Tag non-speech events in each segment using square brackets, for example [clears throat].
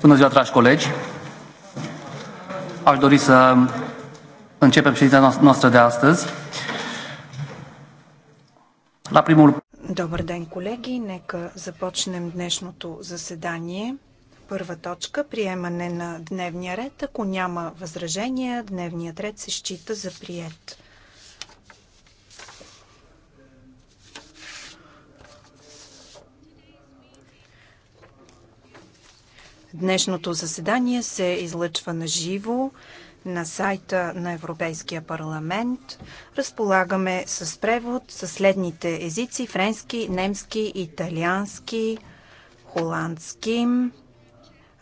Bună ziua, dragi colegi! Aș dori să începem ședința noastră de astăzi. La primul... Добър ден, колеги! Нека започнем днешното заседание. Първа точка – приемане на дневния ред. Ако няма възражения, дневният ред се счита за прият. Днешното заседание се излъчва на живо на сайта на Европейския парламент. Разполагаме с превод със следните езици френски, немски, италиански, холандски,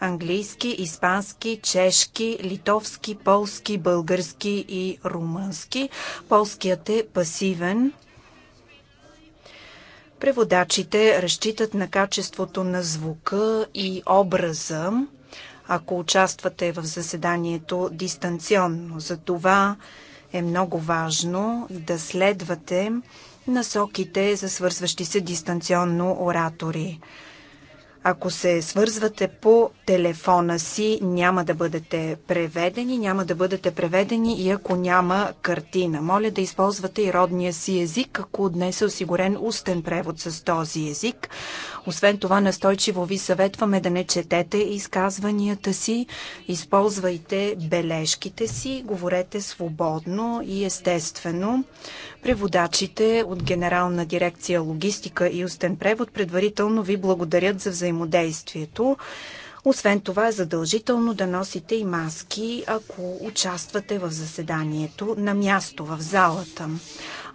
английски, испански, чешки, литовски, полски, български и румънски. Полският е пасивен. Преводачите разчитат на качеството на звука и образа, ако участвате в заседанието дистанционно. За това е много важно да следвате насоките за свързващи се дистанционно оратори. Ако се свързвате по телефона си, няма да бъдете преведени, няма да бъдете преведени и ако няма картина. Моля да използвате и родния си език, ако днес е осигурен устен превод с този език. Освен това, настойчиво ви съветваме да не четете изказванията си, използвайте бележките си, говорете свободно и естествено. Преводачите от Генерална дирекция логистика и устен превод предварително ви благодарят за взаимодействието. Освен това е задължително да носите и маски, ако участвате в заседанието на място в залата.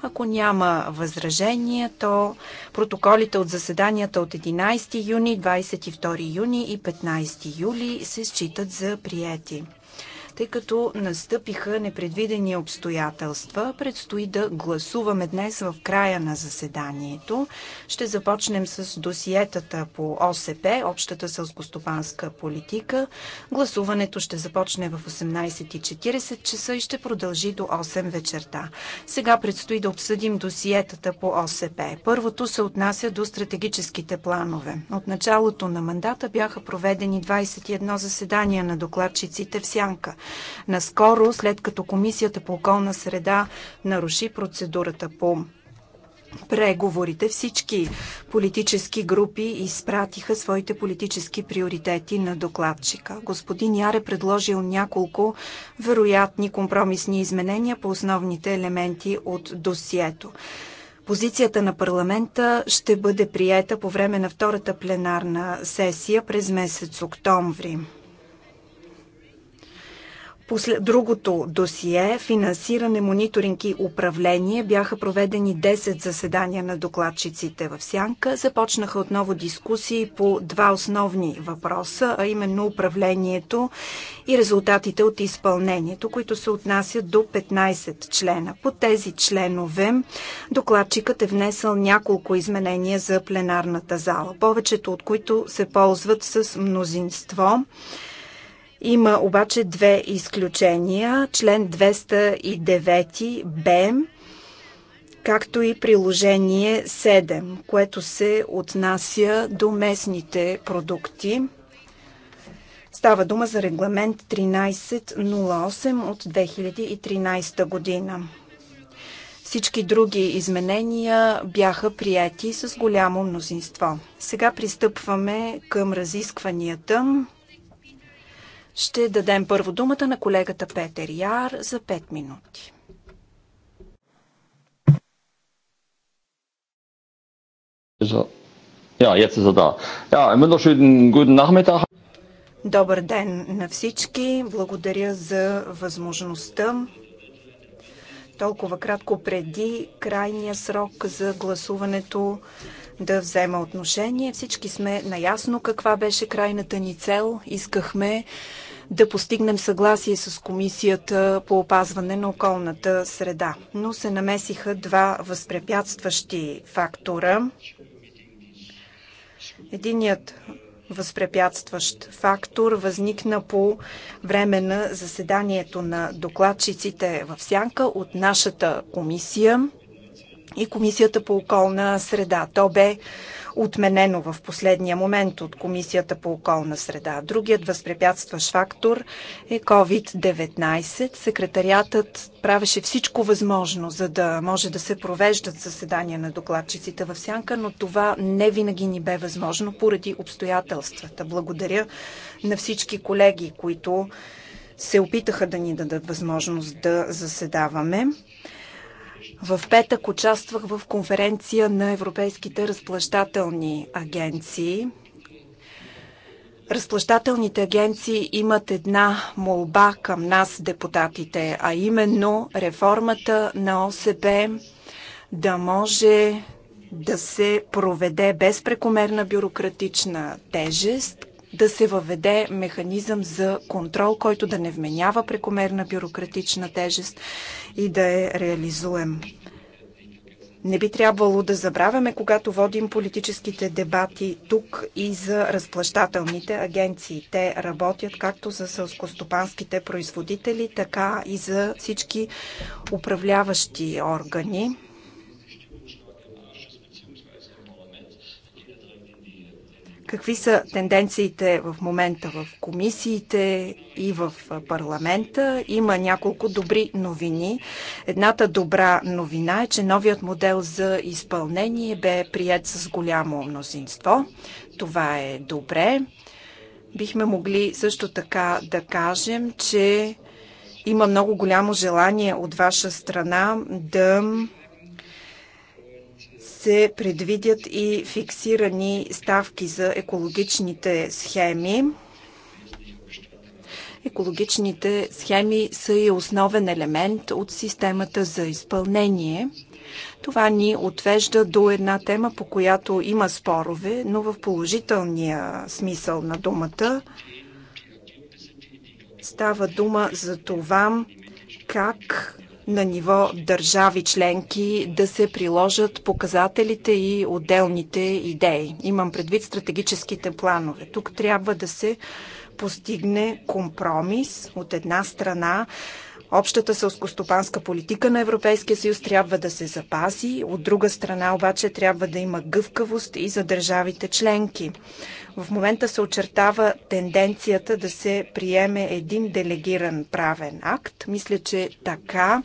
Ако няма възражения, то протоколите от заседанията от 11 юни, 22 юни и 15 юли се считат за приети. Тъй като настъпиха непредвидени обстоятелства, предстои да гласуваме днес в края на заседанието. Ще започнем с досиетата по ОСП, Общата сълскостопанска политика. Гласуването ще започне в 18.40 часа и ще продължи до 8 вечерта. Сега предстои да обсъдим досиетата по ОСП. Първото се отнася до стратегическите планове. От началото на мандата бяха проведени 21 заседания на докладчиците в Сянка. Наскоро, след като Комисията по околна среда наруши процедурата по преговорите, всички политически групи изпратиха своите политически приоритети на докладчика. Господин Яр е предложил няколко вероятни компромисни изменения по основните елементи от досието. Позицията на парламента ще бъде приета по време на втората пленарна сесия през месец октомври. Послед... Другото досие финансиране, мониторинг и управление бяха проведени 10 заседания на докладчиците в Сянка. Започнаха отново дискусии по два основни въпроса, а именно управлението и резултатите от изпълнението, които се отнасят до 15 члена. По тези членове докладчикът е внесъл няколко изменения за пленарната зала, повечето от които се ползват с мнозинство. Има обаче две изключения. Член 209 Б, както и приложение 7, което се отнася до местните продукти. Става дума за регламент 1308 от 2013 година. Всички други изменения бяха прияти с голямо мнозинство. Сега пристъпваме към разискванията. Ще дадем първо думата на колегата Петър Яр за 5 минути. Er Добър ден на всички. Благодаря за възможността толкова кратко преди крайния срок за гласуването да взема отношение. Всички сме наясно каква беше крайната ни цел. Искахме да постигнем съгласие с Комисията по опазване на околната среда. Но се намесиха два възпрепятстващи фактора. Единият възпрепятстващ фактор възникна по време на заседанието на докладчиците в Сянка от нашата комисия и Комисията по околна среда. То бе отменено в последния момент от Комисията по околна среда. Другият възпрепятстващ фактор е COVID-19. Секретариатът правеше всичко възможно, за да може да се провеждат заседания на докладчиците в Сянка, но това не винаги ни бе възможно поради обстоятелствата. Благодаря на всички колеги, които се опитаха да ни дадат възможност да заседаваме. В петък участвах в конференция на европейските разплащателни агенции. Разплащателните агенции имат една молба към нас, депутатите, а именно реформата на ОСП да може да се проведе без прекомерна бюрократична тежест, да се въведе механизъм за контрол, който да не вменява прекомерна бюрократична тежест и да е реализуем. Не би трябвало да забравяме, когато водим политическите дебати тук и за разплащателните агенции. Те работят както за сълскостопанските производители, така и за всички управляващи органи. Какви са тенденциите в момента в комисиите и в парламента? Има няколко добри новини. Едната добра новина е, че новият модел за изпълнение бе прият с голямо мнозинство. Това е добре. Бихме могли също така да кажем, че има много голямо желание от ваша страна да се предвидят и фиксирани ставки за екологичните схеми. Екологичните схеми са и основен елемент от системата за изпълнение. Това ни отвежда до една тема, по която има спорове, но в положителния смисъл на думата става дума за това как на ниво държави членки да се приложат показателите и отделните идеи. Имам предвид стратегическите планове. Тук трябва да се постигне компромис от една страна Общата сълскостопанска политика на Европейския съюз трябва да се запази, от друга страна обаче трябва да има гъвкавост и за държавите членки. В момента се очертава тенденцията да се приеме един делегиран правен акт. Мисля, че така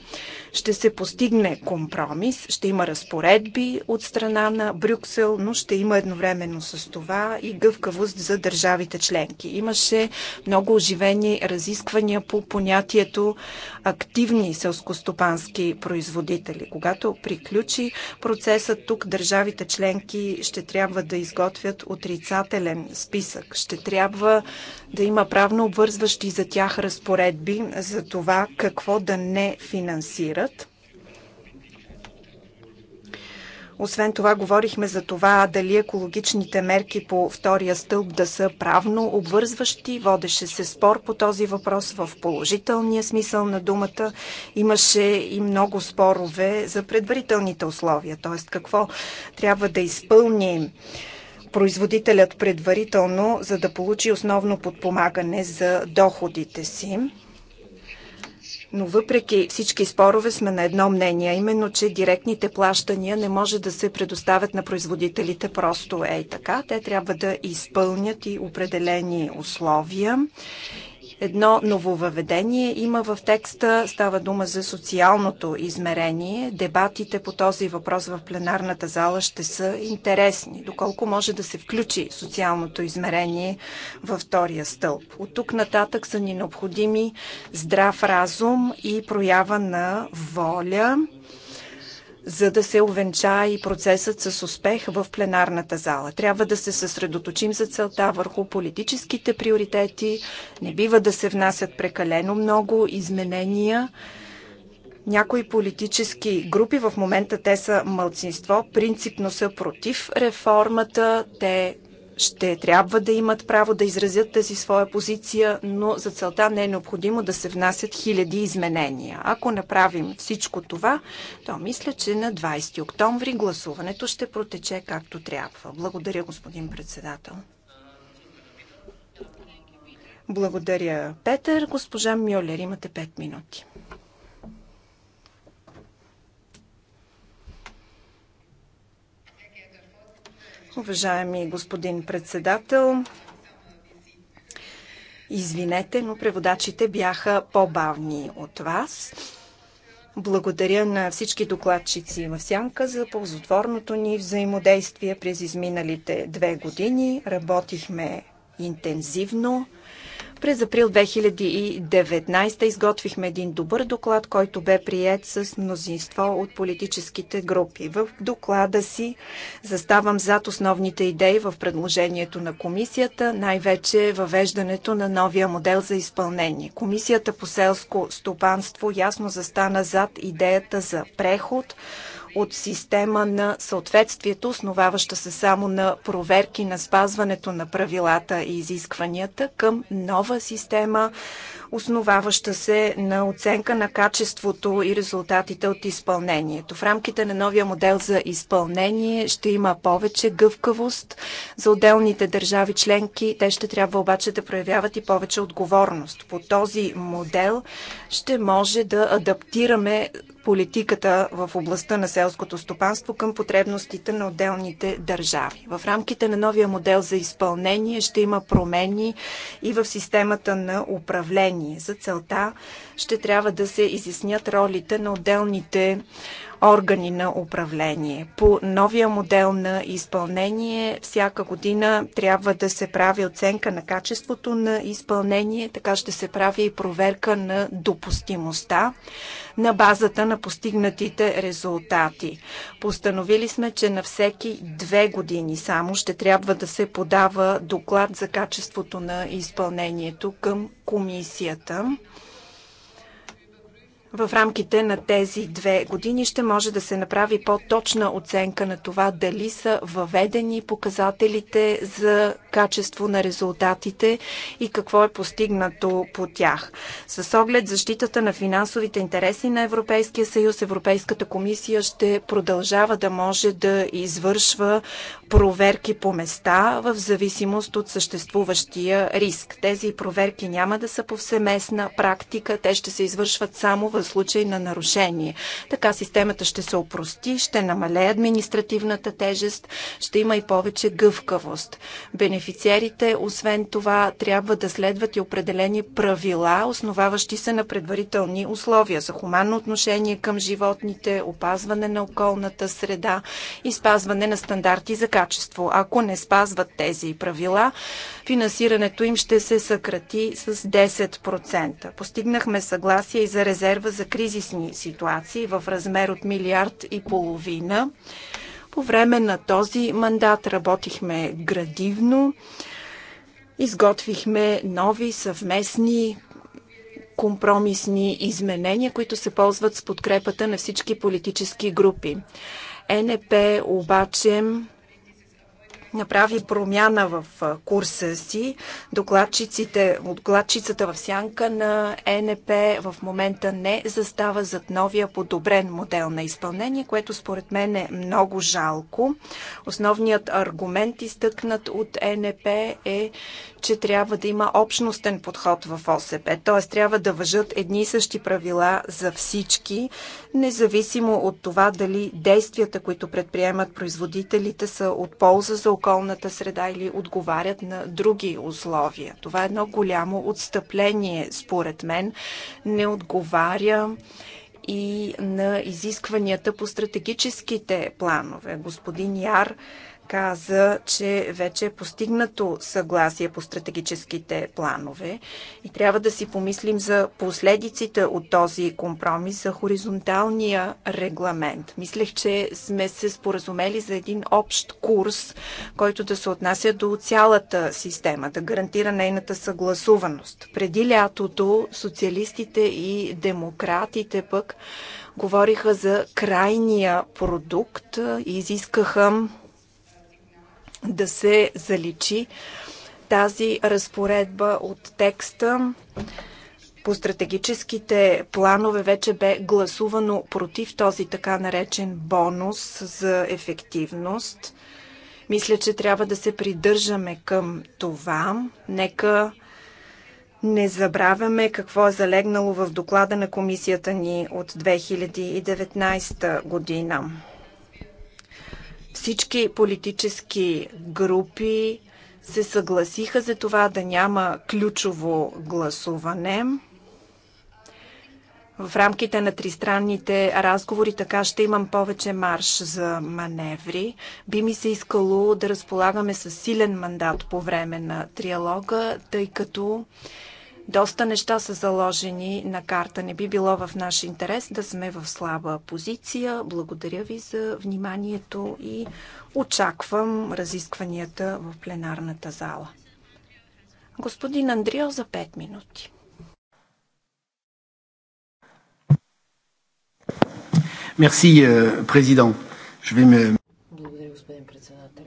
ще се постигне компромис, ще има разпоредби от страна на Брюксел, но ще има едновременно с това и гъвкавост за държавите членки. Имаше много оживени разисквания по понятието активни селскостопански производители. Когато приключи процесът тук, държавите членки ще трябва да изготвят отрицателен списък. Ще трябва да има правно обвързващи за тях разпоредби за това какво да не финансират освен това, говорихме за това дали екологичните мерки по втория стълб да са правно обвързващи. Водеше се спор по този въпрос в положителния смисъл на думата. Имаше и много спорове за предварителните условия, т.е. какво трябва да изпълни производителят предварително, за да получи основно подпомагане за доходите си. Но въпреки всички спорове сме на едно мнение, именно, че директните плащания не може да се предоставят на производителите просто ей така. Те трябва да изпълнят и определени условия Едно нововъведение има в текста, става дума за социалното измерение. Дебатите по този въпрос в пленарната зала ще са интересни, доколко може да се включи социалното измерение във втория стълб. От тук нататък са ни необходими здрав разум и проява на воля за да се увенча и процесът с успех в пленарната зала. Трябва да се съсредоточим за целта върху политическите приоритети. Не бива да се внасят прекалено много изменения. Някои политически групи в момента те са мълцинство, принципно са против реформата, те ще трябва да имат право да изразят тази своя позиция, но за целта не е необходимо да се внасят хиляди изменения. Ако направим всичко това, то мисля, че на 20 октомври гласуването ще протече както трябва. Благодаря, господин председател. Благодаря, Петър. Госпожа Мюллер, имате 5 минути. Уважаеми господин председател, извинете, но преводачите бяха по-бавни от вас. Благодаря на всички докладчици в Сянка за ползотворното ни взаимодействие през изминалите две години. Работихме интензивно. През април 2019 изготвихме един добър доклад, който бе прият с мнозинство от политическите групи. В доклада си заставам зад основните идеи в предложението на комисията, най-вече въвеждането на новия модел за изпълнение. Комисията по селско стопанство ясно застана зад идеята за преход, от система на съответствието, основаваща се само на проверки на спазването на правилата и изискванията, към нова система, основаваща се на оценка на качеството и резултатите от изпълнението. В рамките на новия модел за изпълнение ще има повече гъвкавост за отделните държави членки. Те ще трябва обаче да проявяват и повече отговорност. По този модел ще може да адаптираме политиката в областта на селското стопанство към потребностите на отделните държави. В рамките на новия модел за изпълнение ще има промени и в системата на управление. За целта ще трябва да се изяснят ролите на отделните органи на управление. По новия модел на изпълнение всяка година трябва да се прави оценка на качеството на изпълнение, така ще се прави и проверка на допустимостта на базата на постигнатите резултати. Постановили сме, че на всеки две години само ще трябва да се подава доклад за качеството на изпълнението към комисията в рамките на тези две години ще може да се направи по-точна оценка на това дали са въведени показателите за качество на резултатите и какво е постигнато по тях. С оглед защитата на финансовите интереси на Европейския съюз, Европейската комисия ще продължава да може да извършва проверки по места в зависимост от съществуващия риск. Тези проверки няма да са повсеместна практика, те ще се извършват само в случай на нарушение. Така системата ще се опрости, ще намалее административната тежест, ще има и повече гъвкавост. Бенефициентите Бенефициерите, освен това, трябва да следват и определени правила, основаващи се на предварителни условия за хуманно отношение към животните, опазване на околната среда и спазване на стандарти за качество. Ако не спазват тези правила, финансирането им ще се съкрати с 10%. Постигнахме съгласие и за резерва за кризисни ситуации в размер от милиард и половина. По време на този мандат работихме градивно, изготвихме нови съвместни компромисни изменения, които се ползват с подкрепата на всички политически групи. Е НП обаче направи промяна в курса си. Докладчиците, докладчицата в сянка на ЕНП в момента не застава зад новия подобрен модел на изпълнение, което според мен е много жалко. Основният аргумент, изтъкнат от ЕНП е, че трябва да има общностен подход в ОСП, т.е. трябва да въжат едни и същи правила за всички, независимо от това дали действията, които предприемат производителите, са от полза за околната среда или отговарят на други условия. Това е едно голямо отстъпление, според мен. Не отговаря и на изискванията по стратегическите планове. Господин Яр каза, че вече е постигнато съгласие по стратегическите планове и трябва да си помислим за последиците от този компромис за хоризонталния регламент. Мислех, че сме се споразумели за един общ курс, който да се отнася до цялата система, да гарантира нейната съгласуваност. Преди лятото социалистите и демократите пък говориха за крайния продукт и изискаха да се заличи тази разпоредба от текста. По стратегическите планове вече бе гласувано против този така наречен бонус за ефективност. Мисля, че трябва да се придържаме към това. Нека не забравяме какво е залегнало в доклада на комисията ни от 2019 година. Всички политически групи се съгласиха за това да няма ключово гласуване. В рамките на тристранните разговори така ще имам повече марш за маневри. Би ми се искало да разполагаме с силен мандат по време на триалога, тъй като доста неща са заложени на карта. Не би било в наш интерес да сме в слаба позиция. Благодаря ви за вниманието и очаквам разискванията в пленарната зала. Господин Андрио за 5 минути. Мерси, е, президент. Благодаря, господин председател.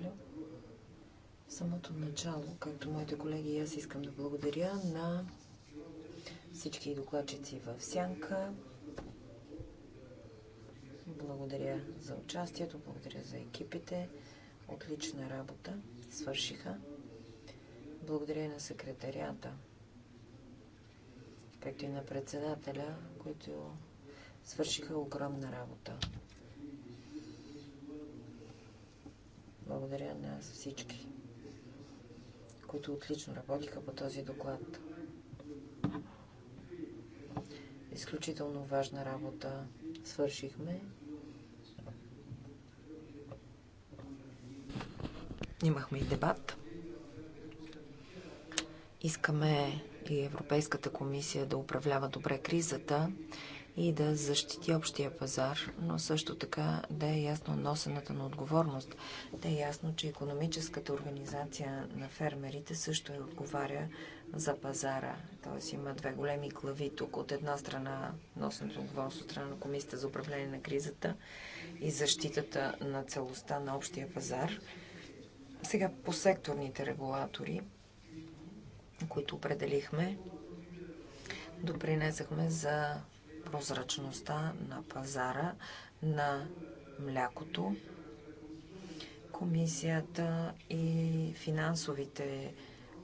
В самото начало, както моите колеги, аз искам да благодаря на всички докладчици в Сянка. Благодаря за участието, благодаря за екипите. Отлична работа свършиха. Благодаря на секретарията, както и на председателя, които свършиха огромна работа. Благодаря на всички, които отлично работиха по този доклад. Изключително важна работа свършихме. Имахме и дебат. Искаме и Европейската комисия да управлява добре кризата и да защити общия пазар, но също така да е ясно носената на отговорност. Да е ясно, че економическата организация на фермерите също е отговаря за пазара. Т.е. има две големи глави тук. От една страна носенето отговорност от страна на Комисията за управление на кризата и защитата на целостта на общия пазар. Сега по секторните регулатори, които определихме, допринесахме за прозрачността на пазара на млякото. Комисията и финансовите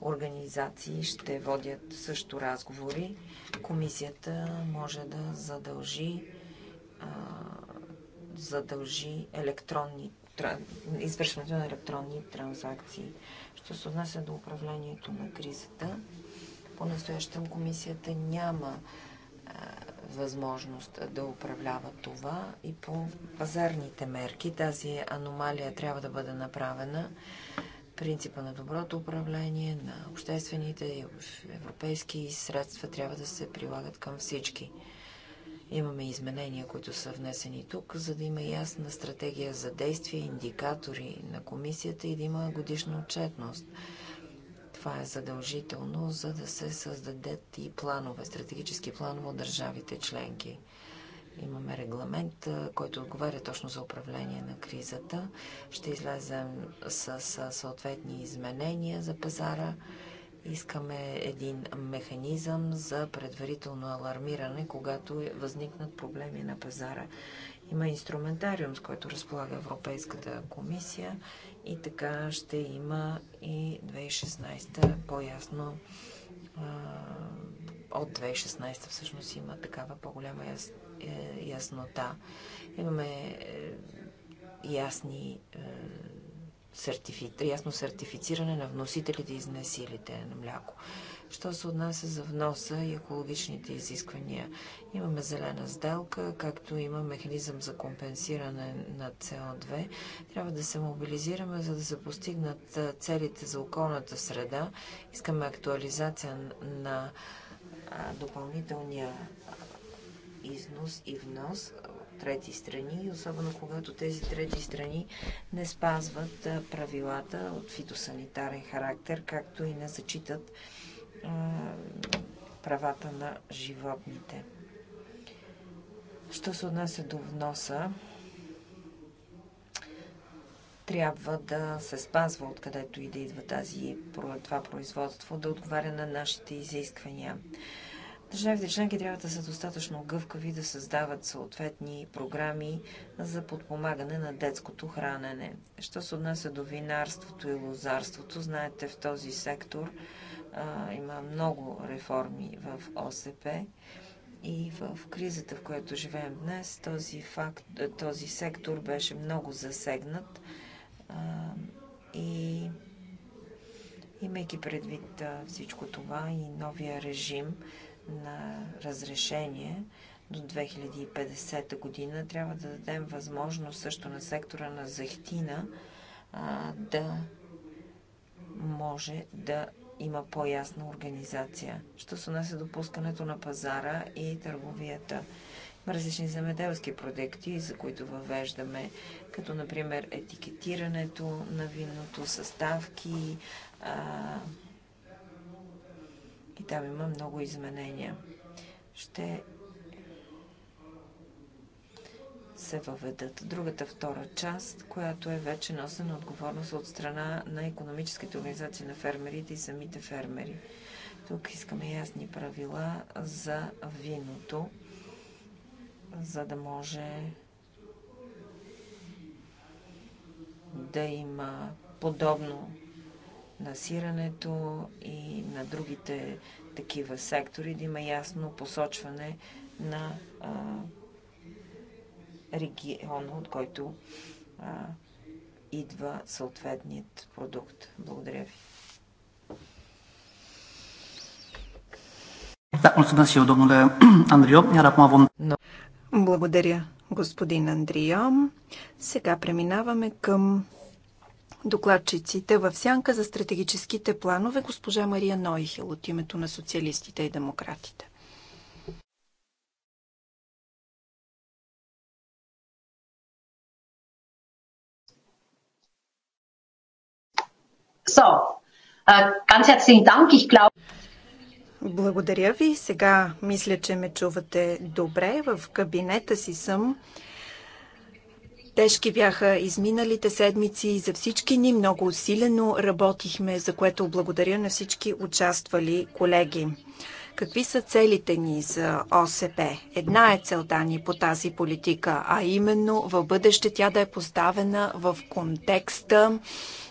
организации ще водят също разговори. Комисията може да задължи, а, задължи електронни, извършването на електронни транзакции. Що се отнася до управлението на кризата, по-настоящем комисията няма възможност да управлява това и по пазарните мерки. Тази аномалия трябва да бъде направена. Принципа на доброто управление, на обществените и европейски средства трябва да се прилагат към всички. Имаме изменения, които са внесени тук, за да има ясна стратегия за действие, индикатори на комисията и да има годишна отчетност. Това е задължително, за да се създадат и планове, стратегически планове от държавите членки. Имаме регламент, който отговаря точно за управление на кризата. Ще излезем с, съответни изменения за пазара. Искаме един механизъм за предварително алармиране, когато възникнат проблеми на пазара. Има инструментариум, с който разполага Европейската комисия и така ще има и 2016 по-ясно от 2016 всъщност има такава по-голяма яс, е, яснота. Имаме е, ясни е, сертифи, ясно сертифициране на вносителите и изнесилите на мляко. Що се отнася за вноса и екологичните изисквания? Имаме зелена сделка, както има механизъм за компенсиране на CO2. Трябва да се мобилизираме, за да се постигнат целите за околната среда. Искаме актуализация на допълнителния износ и внос от трети страни, особено когато тези трети страни не спазват правилата от фитосанитарен характер, както и не зачитат правата на животните. Що се отнася до вноса, трябва да се спазва откъдето и да идва тази, това производство, да отговаря на нашите изисквания. Държавите членки трябва да са достатъчно гъвкави да създават съответни програми за подпомагане на детското хранене. Що се отнася до винарството и лозарството, знаете в този сектор а, има много реформи в ОСП и в кризата, в която живеем днес, този, факт, този сектор беше много засегнат а, и имайки предвид всичко това и новия режим на разрешение до 2050 година, трябва да дадем възможност също на сектора на захтина а, да може да има по-ясна организация. Що се нася до пускането на пазара и търговията? Има различни земеделски продукти, за които въвеждаме, като например етикетирането на виното, съставки а... и там има много изменения. Ще се въведат. Другата втора част, която е вече носена отговорност от страна на економическите организации на фермерите и самите фермери. Тук искаме ясни правила за виното, за да може да има подобно насирането и на другите такива сектори, да има ясно посочване на а, региона, от който а, идва съответният продукт. Благодаря ви. Е, [clears throat] Благодаря, господин Андрио. Сега преминаваме към докладчиците в сянка за стратегическите планове госпожа Мария Нойхел от името на социалистите и демократите. Äh, благодаря ви. Сега мисля, че ме чувате добре. В кабинета си съм. Тежки бяха изминалите седмици за всички ни. Много усилено работихме, за което благодаря на всички участвали колеги. Какви са целите ни за ОСП? Една е целта ни по тази политика, а именно в бъдеще тя да е поставена в контекста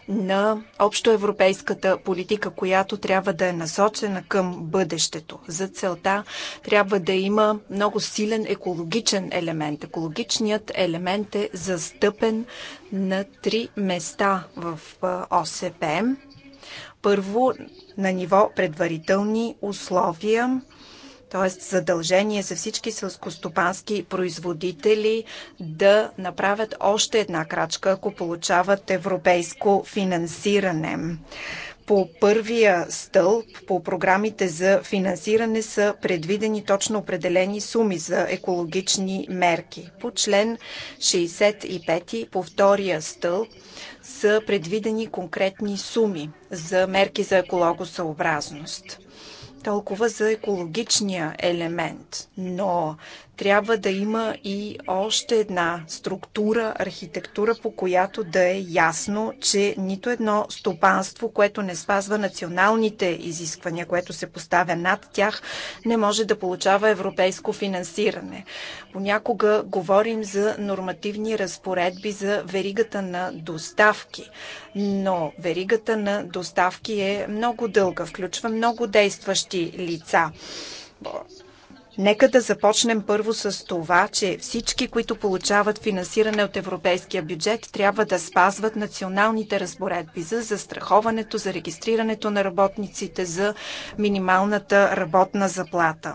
на общоевропейската политика, която трябва да е насочена към бъдещето. За целта трябва да има много силен екологичен елемент. Екологичният елемент е застъпен на три места в ОСП. Първо, на ниво предварителни условия – т.е. задължение за всички сълскостопански производители да направят още една крачка, ако получават европейско финансиране по първия стълб, по програмите за финансиране са предвидени точно определени суми за екологични мерки. По член 65 по втория стълб са предвидени конкретни суми за мерки за екологосъобразност. Толкова за екологичния елемент. Но трябва да има и още една структура, архитектура, по която да е ясно, че нито едно стопанство, което не спазва националните изисквания, което се поставя над тях, не може да получава европейско финансиране. Понякога говорим за нормативни разпоредби за веригата на доставки, но веригата на доставки е много дълга, включва много действащи лица Нека да започнем първо с това, че всички, които получават финансиране от европейския бюджет, трябва да спазват националните разпоредби за застраховането, за регистрирането на работниците, за минималната работна заплата.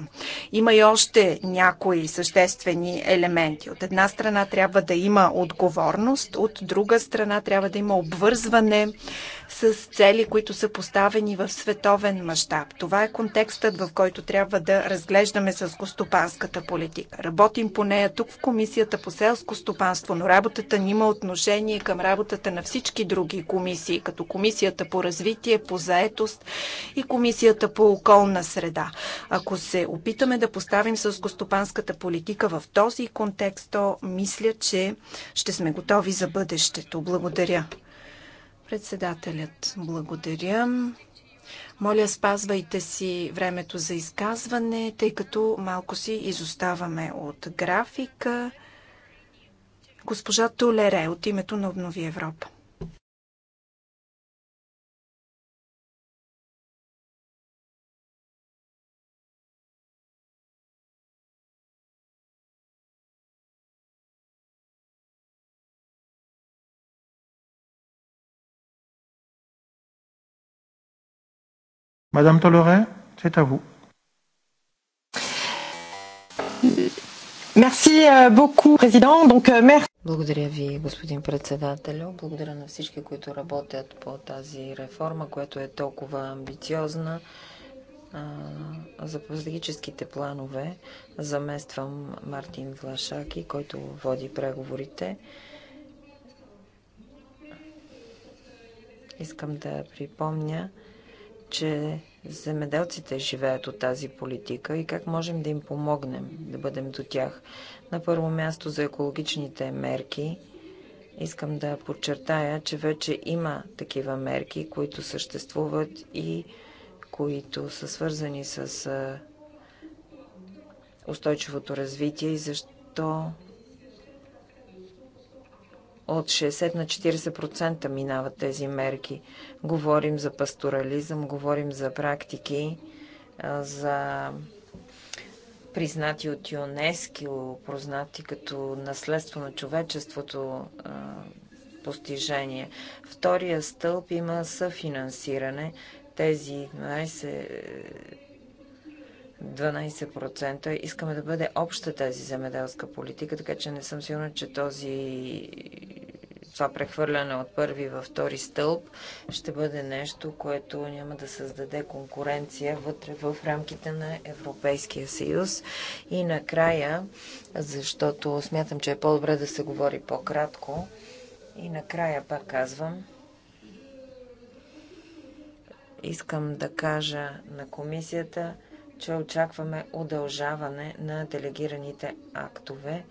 Има и още някои съществени елементи. От една страна трябва да има отговорност, от друга страна трябва да има обвързване с цели, които са поставени в световен мащаб. Това е контекстът, в който трябва да разглеждаме с гостопанската политика. Работим по нея тук в Комисията по селско стопанство, но работата ни има отношение към работата на всички други комисии, като Комисията по развитие, по заетост и Комисията по околна среда. Ако се опитаме да поставим с гостопанската политика в този контекст, то мисля, че ще сме готови за бъдещето. Благодаря. Председателят, благодаря. Моля, спазвайте си времето за изказване, тъй като малко си изоставаме от графика. Госпожа Толере от името на Обнови Европа. Madame Toloret, c'est à vous. Merci euh, beaucoup, Président. Donc, euh, merci. Благодаря ви, господин председател. Благодаря на всички, които работят по тази реформа, която е толкова амбициозна. За политическите планове замествам Мартин Влашаки, който води преговорите. Искам да припомня, че земеделците живеят от тази политика и как можем да им помогнем да бъдем до тях. На първо място за екологичните мерки искам да подчертая, че вече има такива мерки, които съществуват и които са свързани с устойчивото развитие и защо от 60 на 40% минават тези мерки. Говорим за пасторализъм, говорим за практики, за признати от ЮНЕСКО, познати като наследство на човечеството постижение. Втория стълб има съфинансиране. Тези 12 12%. Искаме да бъде обща тази земеделска политика, така че не съм сигурна, че този това прехвърляне от първи във втори стълб ще бъде нещо, което няма да създаде конкуренция вътре в рамките на Европейския съюз. И накрая, защото смятам, че е по-добре да се говори по-кратко, и накрая пак казвам, искам да кажа на комисията, че очакваме удължаване на делегираните актове,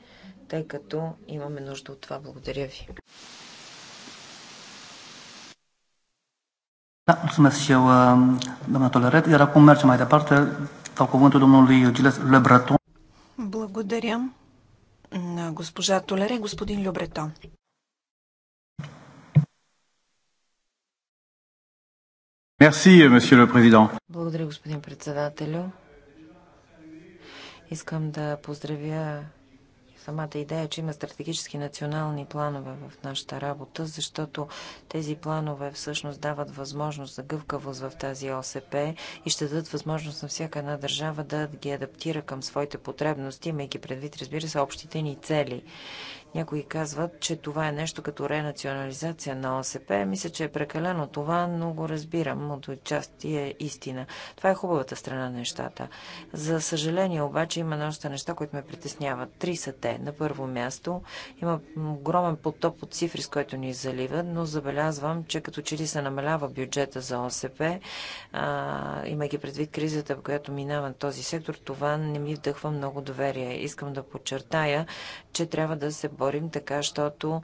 тъй като имаме нужда от това. Благодаря ви. Da, mulțumesc și eu, doamna Toleret. Iar acum mergem mai departe. Dau cuvântul domnului Le Breton. Благодаря на госпожа Толере, господин Любретон. Euh, monsieur le Président. Благодаря, господин председателю. Искам да поздравя самата идея, че има стратегически национални планове в нашата работа, защото тези планове всъщност дават възможност за гъвкавост в тази ОСП и ще дадат възможност на всяка една държава да ги адаптира към своите потребности, имайки предвид, разбира се, общите ни цели. Някои казват, че това е нещо като ренационализация на ОСП. Мисля, че е прекалено това, но го разбирам. От части е истина. Това е хубавата страна на нещата. За съжаление обаче има още неща, които ме притесняват. Три са те. На първо място има огромен потоп от цифри, с който ни залива, но забелязвам, че като че ли се намалява бюджета за ОСП, а, имайки предвид кризата, в която минава този сектор, това не ми вдъхва много доверие. Искам да подчертая, че трябва да се борим така, защото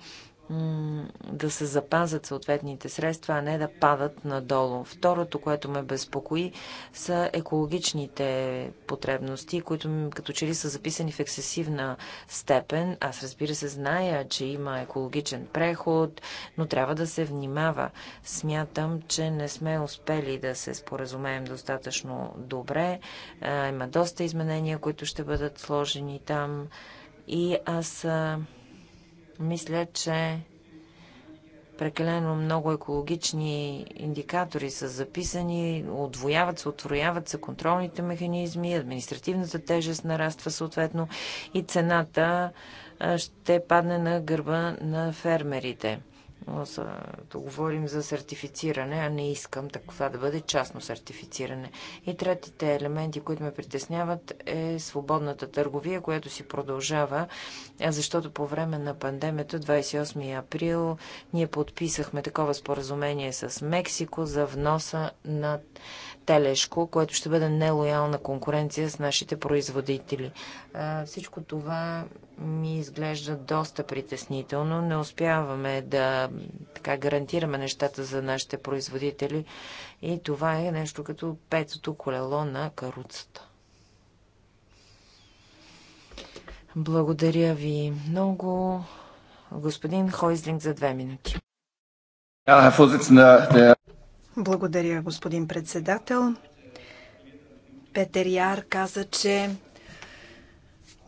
да се запазят съответните средства, а не да падат надолу. Второто, което ме безпокои, са екологичните потребности, които като че ли са записани в ексесивна степен. Аз разбира се зная, че има екологичен преход, но трябва да се внимава. Смятам, че не сме успели да се споразумеем достатъчно добре. Има доста изменения, които ще бъдат сложени там. И аз мисля, че прекалено много екологични индикатори са записани, отвояват се, отрояват се контролните механизми, административната тежест нараства съответно и цената ще падне на гърба на фермерите но да говорим за сертифициране, а не искам това да бъде частно сертифициране. И третите елементи, които ме притесняват, е свободната търговия, която си продължава, защото по време на пандемията, 28 април, ние подписахме такова споразумение с Мексико за вноса на телешко, което ще бъде нелоялна конкуренция с нашите производители. Всичко това ми изглежда доста притеснително. Не успяваме да така, гарантираме нещата за нашите производители и това е нещо като петото колело на каруцата. Благодаря ви много. Господин Хойзлинг за две минути. Благодаря, господин председател. Петер Яр каза, че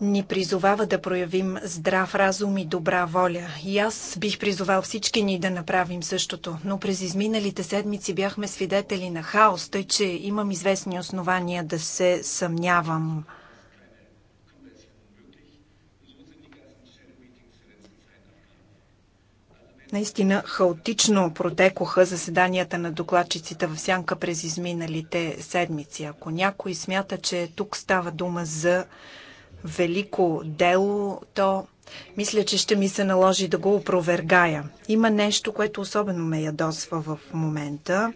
ни призовава да проявим здрав разум и добра воля. И аз бих призовал всички ни да направим същото. Но през изминалите седмици бяхме свидетели на хаос, тъй че имам известни основания да се съмнявам – Наистина хаотично протекоха заседанията на докладчиците в сянка през изминалите седмици. Ако някой смята, че тук става дума за велико дело, то мисля, че ще ми се наложи да го опровергая. Има нещо, което особено ме ядосва в момента.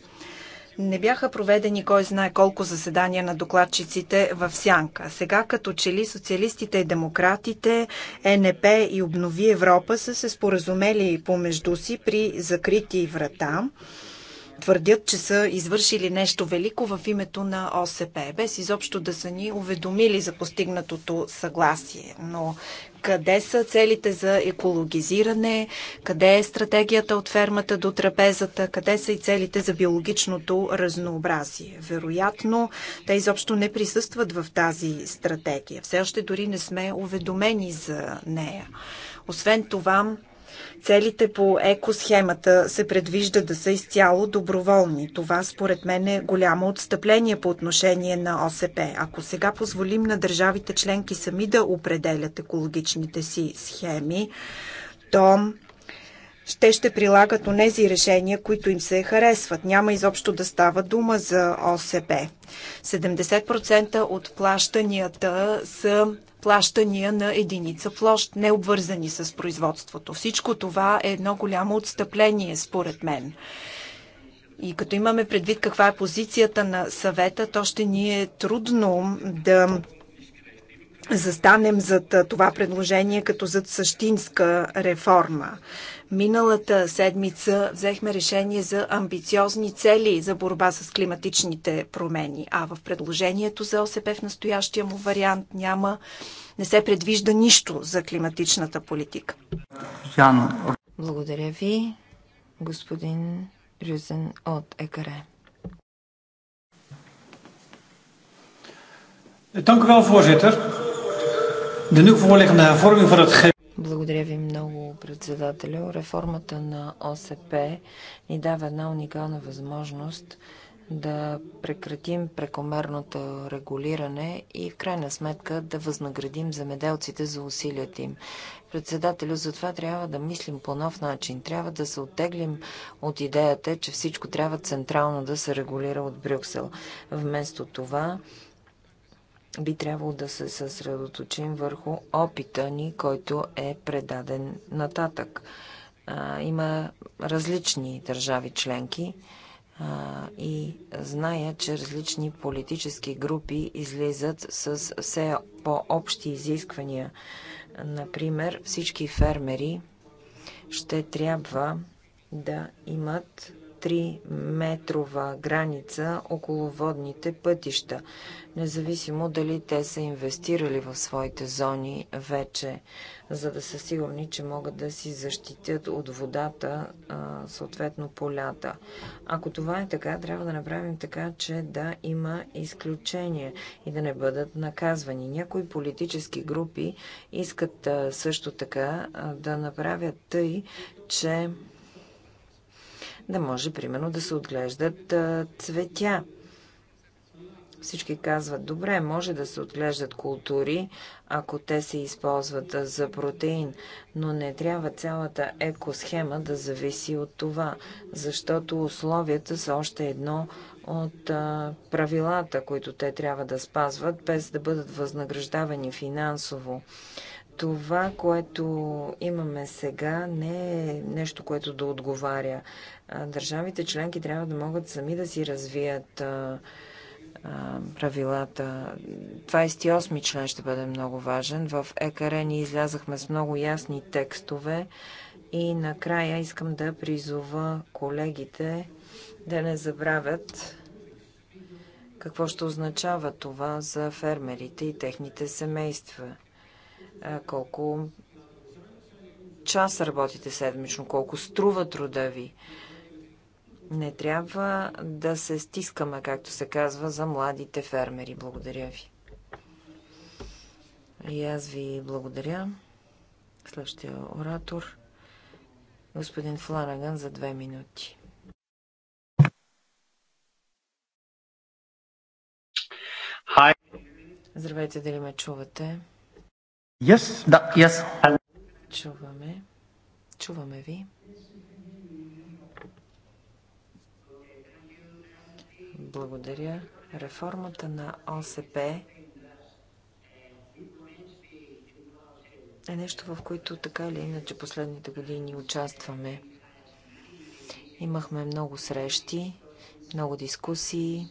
Не бяха проведени кой знае колко заседания на докладчиците в Сянка. Сега като че ли социалистите и демократите, ЕНП и Обнови Европа са се споразумели помежду си при закрити врата твърдят, че са извършили нещо велико в името на ОСП, без изобщо да са ни уведомили за постигнатото съгласие. Но къде са целите за екологизиране, къде е стратегията от фермата до трапезата, къде са и целите за биологичното разнообразие. Вероятно, те изобщо не присъстват в тази стратегия. Все още дори не сме уведомени за нея. Освен това, Целите по екосхемата се предвижда да са изцяло доброволни. Това според мен е голямо отстъпление по отношение на ОСП. Ако сега позволим на държавите членки сами да определят екологичните си схеми, то ще ще прилагат онези решения, които им се харесват. Няма изобщо да става дума за ОСП. 70% от плащанията са плащания на единица площ, не обвързани с производството. Всичко това е едно голямо отстъпление, според мен. И като имаме предвид каква е позицията на съвета, то ще ни е трудно да застанем зад това предложение като зад същинска реформа. Миналата седмица взехме решение за амбициозни цели за борба с климатичните промени, а в предложението за ОСП в настоящия му вариант няма, не се предвижда нищо за климатичната политика. Благодаря ви, господин Рюзен от ЕКРЕ. Е, Dank u wel, voorzitter. Благодаря ви много, председателю. Реформата на ОСП ни дава една уникална възможност да прекратим прекомерното регулиране и в крайна сметка да възнаградим замеделците за усилията им. Председателю, затова трябва да мислим по нов начин. Трябва да се оттеглим от идеята, че всичко трябва централно да се регулира от Брюксел. Вместо това би трябвало да се съсредоточим върху опита ни, който е предаден нататък. А, има различни държави членки а, и зная, че различни политически групи излизат с все по-общи изисквания. Например, всички фермери ще трябва да имат 3-метрова граница около водните пътища, независимо дали те са инвестирали в своите зони вече, за да са сигурни, че могат да си защитят от водата, съответно полята. Ако това е така, трябва да направим така, че да има изключения и да не бъдат наказвани. Някои политически групи искат също така да направят тъй, че да може, примерно, да се отглеждат цветя. Всички казват, добре, може да се отглеждат култури, ако те се използват за протеин, но не трябва цялата екосхема да зависи от това, защото условията са още едно от а, правилата, които те трябва да спазват, без да бъдат възнаграждавани финансово. Това, което имаме сега, не е нещо, което да отговаря държавите членки трябва да могат сами да си развият правилата. 28 член ще бъде много важен. В ЕКР ние излязахме с много ясни текстове и накрая искам да призова колегите да не забравят какво ще означава това за фермерите и техните семейства. Колко час работите седмично, колко струва труда ви. Не трябва да се стискаме, както се казва, за младите фермери. Благодаря ви. И аз ви благодаря. Следващия оратор, господин Фланаган, за две минути. Hi. Здравейте, дали ме чувате? Yes, да, yes. Чуваме. Чуваме ви. Благодаря. Реформата на ОСП е нещо, в което така или иначе последните години участваме. Имахме много срещи, много дискусии.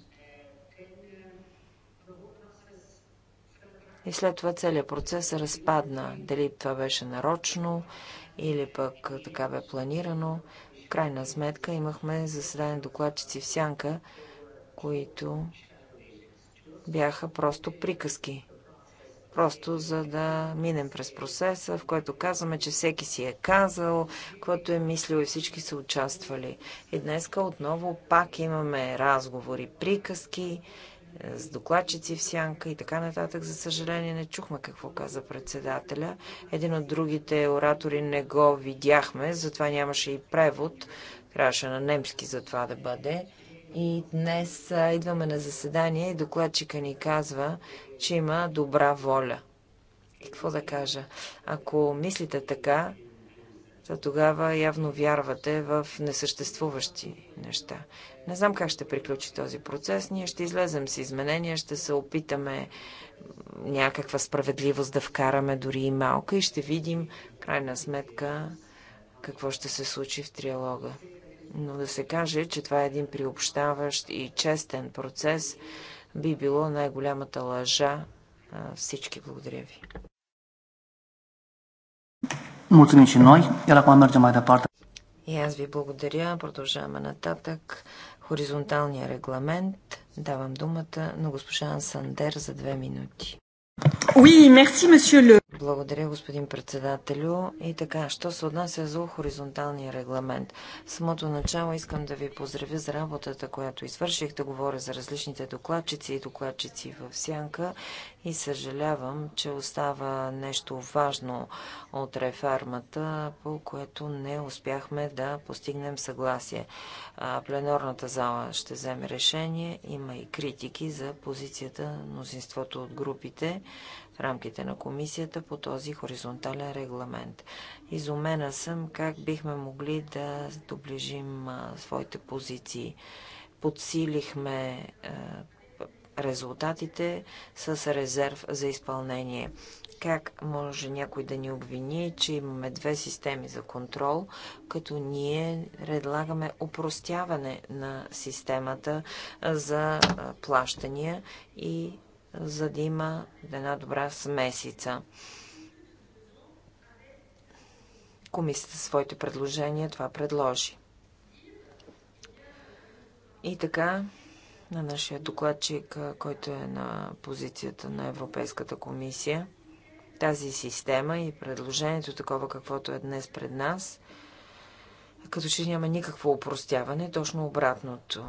И след това целият процес се разпадна. Дали това беше нарочно или пък така бе планирано. В крайна сметка имахме заседание докладчици в Сянка, които бяха просто приказки. Просто за да минем през процеса, в който казваме, че всеки си е казал, който е мислил и всички са участвали. И днеска отново пак имаме разговори, приказки е, с докладчици в сянка и така нататък. За съжаление не чухме какво каза председателя. Един от другите оратори не го видяхме, затова нямаше и превод. Трябваше на немски за това да бъде. И днес идваме на заседание и докладчика ни казва, че има добра воля. И какво да кажа? Ако мислите така, то тогава явно вярвате в несъществуващи неща. Не знам как ще приключи този процес. Ние ще излезем с изменения, ще се опитаме някаква справедливост да вкараме дори и малка и ще видим крайна сметка какво ще се случи в триалога. Но да се каже, че това е един приобщаващ и честен процес, би било най-голямата лъжа всички. Благодаря ви. Mulțumim și noi, И аз ви благодаря. Продължаваме нататък. Хоризонталния регламент. Давам думата на госпожа Ансандер за две минути. Oui, merci, monsieur le... Благодаря, господин председателю. И така, що се отнася за хоризонталния регламент? В самото начало искам да ви поздравя за работата, която извърших, да говоря за различните докладчици и докладчици в сянка и съжалявам, че остава нещо важно от реформата, по което не успяхме да постигнем съгласие. Пленорната зала ще вземе решение. Има и критики за позицията на мнозинството от групите в рамките на комисията по този хоризонтален регламент. Изумена съм как бихме могли да доближим своите позиции подсилихме резултатите с резерв за изпълнение. Как може някой да ни обвини, че имаме две системи за контрол, като ние предлагаме упростяване на системата за плащания и за да има една добра смесица. Комисията своите предложения това предложи. И така, на нашия докладчик, който е на позицията на Европейската комисия. Тази система и предложението такова, каквото е днес пред нас, като че няма никакво упростяване, точно обратното.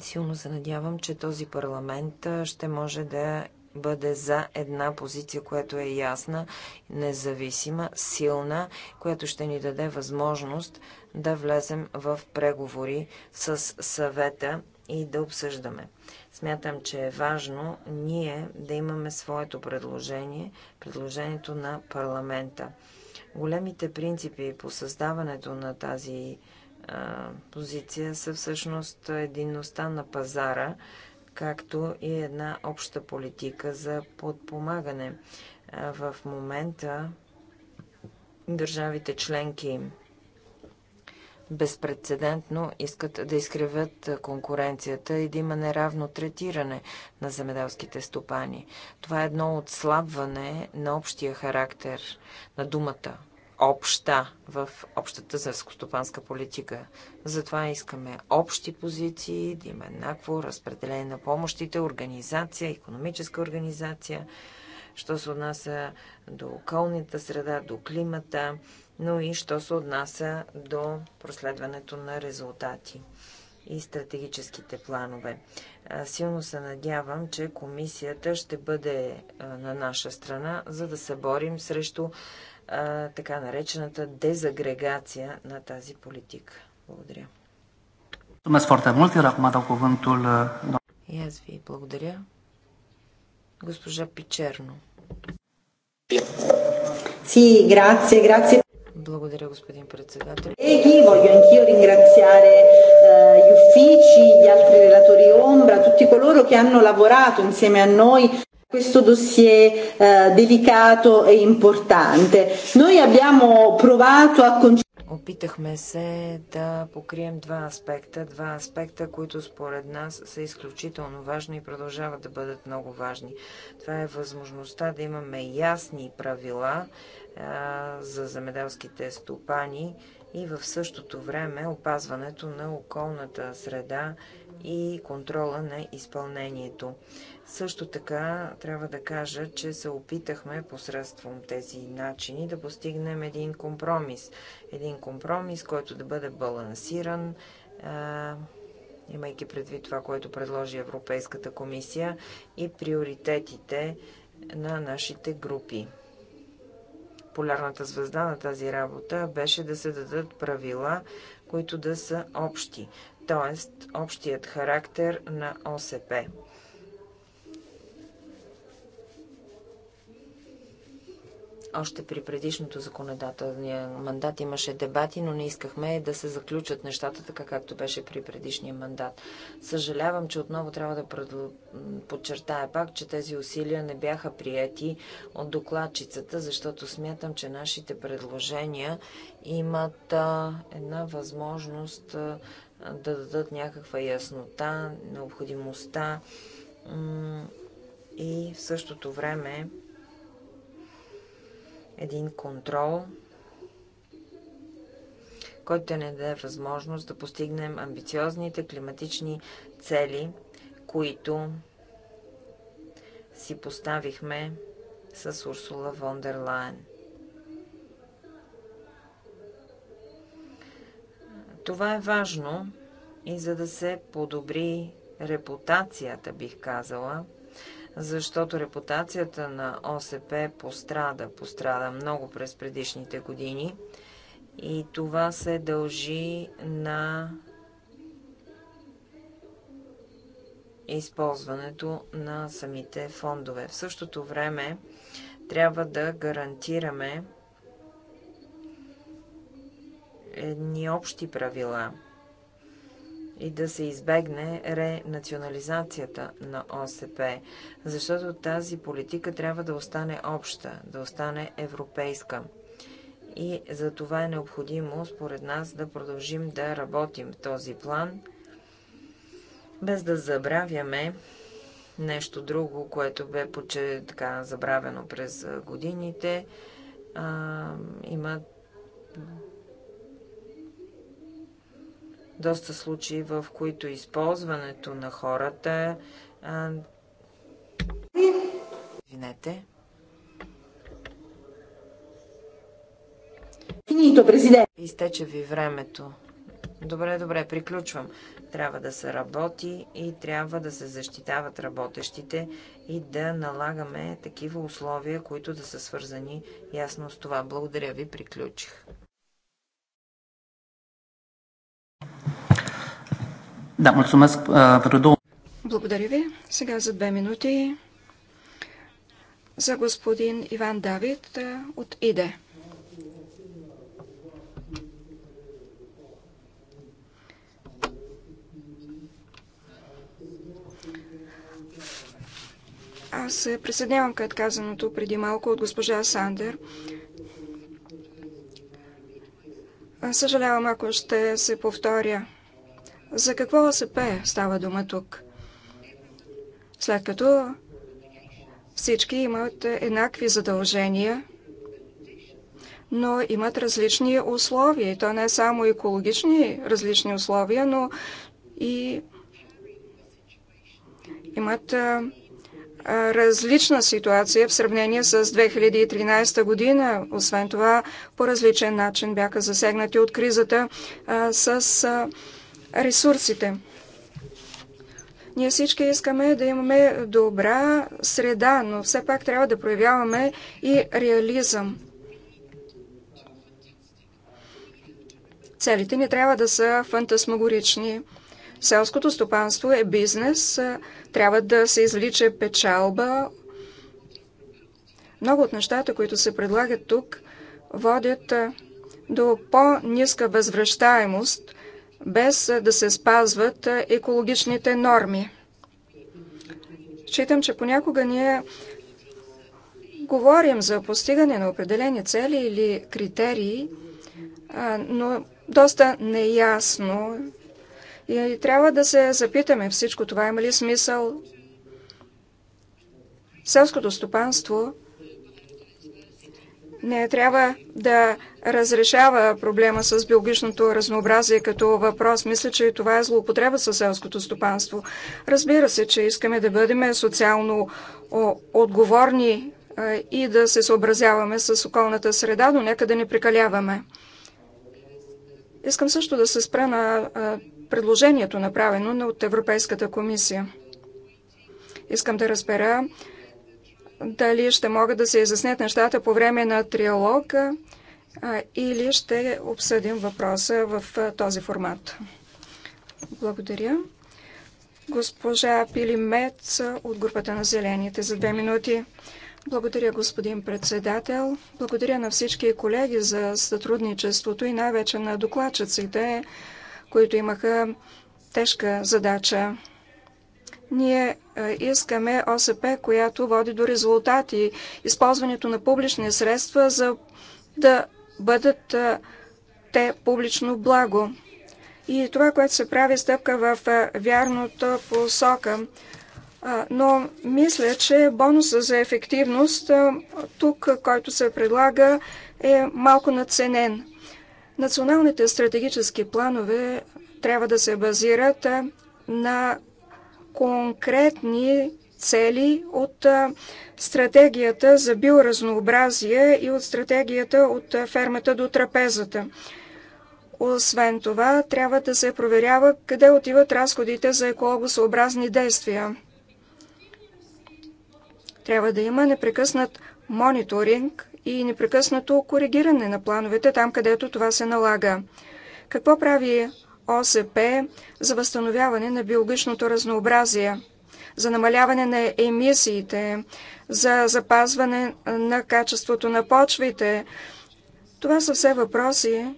Силно се надявам, че този парламент ще може да бъде за една позиция, която е ясна, независима, силна, която ще ни даде възможност да влезем в преговори с съвета и да обсъждаме. Смятам, че е важно ние да имаме своето предложение, предложението на парламента. Големите принципи по създаването на тази а, позиция са всъщност единността на пазара, както и една обща политика за подпомагане. В момента държавите членки безпредседентно искат да изкривят конкуренцията и да има неравно третиране на земеделските стопани. Това е едно отслабване на общия характер на думата обща в общата селскостопанска политика. Затова искаме общи позиции, да има еднакво разпределение на помощите, организация, економическа организация, що се отнася до околната среда, до климата, но и що се отнася до проследването на резултати и стратегическите планове. Силно се надявам, че комисията ще бъде на наша страна, за да се борим срещу а, така наречената дезагрегация на тази политика. Благодаря. Uh, И аз ви благодаря. Госпожа Пичерно. Си, грация, грация. Благодаря, господин председател. Колеги, voglio anch'io ringraziare eh, gli uffici, gli altri relatori ombra, tutti coloro che hanno lavorato insieme a noi questo dossier eh, delicato e importante. Noi abbiamo provato a Опитахме се да покрием два аспекта, два аспекта, които според нас са изключително важни и продължават да бъдат много важни. Това е възможността да имаме ясни правила а, за земеделските стопани и в същото време опазването на околната среда и контрола на изпълнението. Също така трябва да кажа, че се опитахме посредством тези начини да постигнем един компромис. Един компромис, който да бъде балансиран, имайки предвид това, което предложи Европейската комисия и приоритетите на нашите групи. Полярната звезда на тази работа беше да се дадат правила, които да са общи, т.е. общият характер на ОСП. Още при предишното законодателния мандат имаше дебати, но не искахме да се заключат нещата така, както беше при предишния мандат. Съжалявам, че отново трябва да подчертая пак, че тези усилия не бяха прияти от докладчицата, защото смятам, че нашите предложения имат една възможност да дадат някаква яснота, необходимостта и в същото време един контрол, който да даде възможност да постигнем амбициозните климатични цели, които си поставихме с Урсула Вондерлайн. дер Лайен. Това е важно и за да се подобри репутацията, бих казала, защото репутацията на ОСП пострада, пострада много през предишните години и това се дължи на използването на самите фондове. В същото време трябва да гарантираме едни общи правила – и да се избегне ренационализацията на ОСП, защото тази политика трябва да остане обща, да остане европейска. И за това е необходимо, според нас, да продължим да работим в този план, без да забравяме нещо друго, което бе поче, така, забравено през годините. А, има доста случаи, в които използването на хората. А... Извинете. Финито, президент. Изтече ви времето. Добре, добре, приключвам. Трябва да се работи и трябва да се защитават работещите и да налагаме такива условия, които да са свързани ясно с това. Благодаря ви, приключих. Да, Благодаря ви. Сега за две минути за господин Иван Давид от ИДЕ. Аз се присъединявам към казаното преди малко от госпожа Сандер. Съжалявам, ако ще се повторя. За какво ОСП става дума тук? След като всички имат еднакви задължения, но имат различни условия. И то не е само екологични различни условия, но и имат различна ситуация в сравнение с 2013 година. Освен това, по различен начин бяха засегнати от кризата с ресурсите. Ние всички искаме да имаме добра среда, но все пак трябва да проявяваме и реализъм. Целите ни трябва да са фантасмагорични. Селското стопанство е бизнес, трябва да се излича печалба. Много от нещата, които се предлагат тук, водят до по-ниска възвръщаемост, без да се спазват екологичните норми. Считам, че понякога ние говорим за постигане на определени цели или критерии, но доста неясно и трябва да се запитаме всичко това има ли смисъл. Селското стопанство не трябва да разрешава проблема с биологичното разнообразие като въпрос. Мисля, че това е злоупотреба със селското стопанство. Разбира се, че искаме да бъдем социално отговорни е, и да се съобразяваме с околната среда, но нека да не прекаляваме. Искам също да се спра на е, предложението, направено от Европейската комисия. Искам да разбера дали ще могат да се изяснят нещата по време на триалог или ще обсъдим въпроса в този формат. Благодаря. Госпожа Пили Мец от групата на Зелените за две минути. Благодаря, господин председател. Благодаря на всички колеги за сътрудничеството и най-вече на докладчиците които имаха тежка задача. Ние е, искаме ОСП, която води до резултати. Използването на публични средства за да бъдат е, те публично благо. И това, което се прави, е стъпка в вярната посока. Но мисля, че бонуса за ефективност тук, който се предлага, е малко наценен. Националните стратегически планове трябва да се базират на конкретни цели от стратегията за биоразнообразие и от стратегията от фермата до трапезата. Освен това, трябва да се проверява къде отиват разходите за екологосъобразни действия. Трябва да има непрекъснат мониторинг и непрекъснато коригиране на плановете там, където това се налага. Какво прави ОСП за възстановяване на биологичното разнообразие, за намаляване на емисиите, за запазване на качеството на почвите? Това са все въпроси,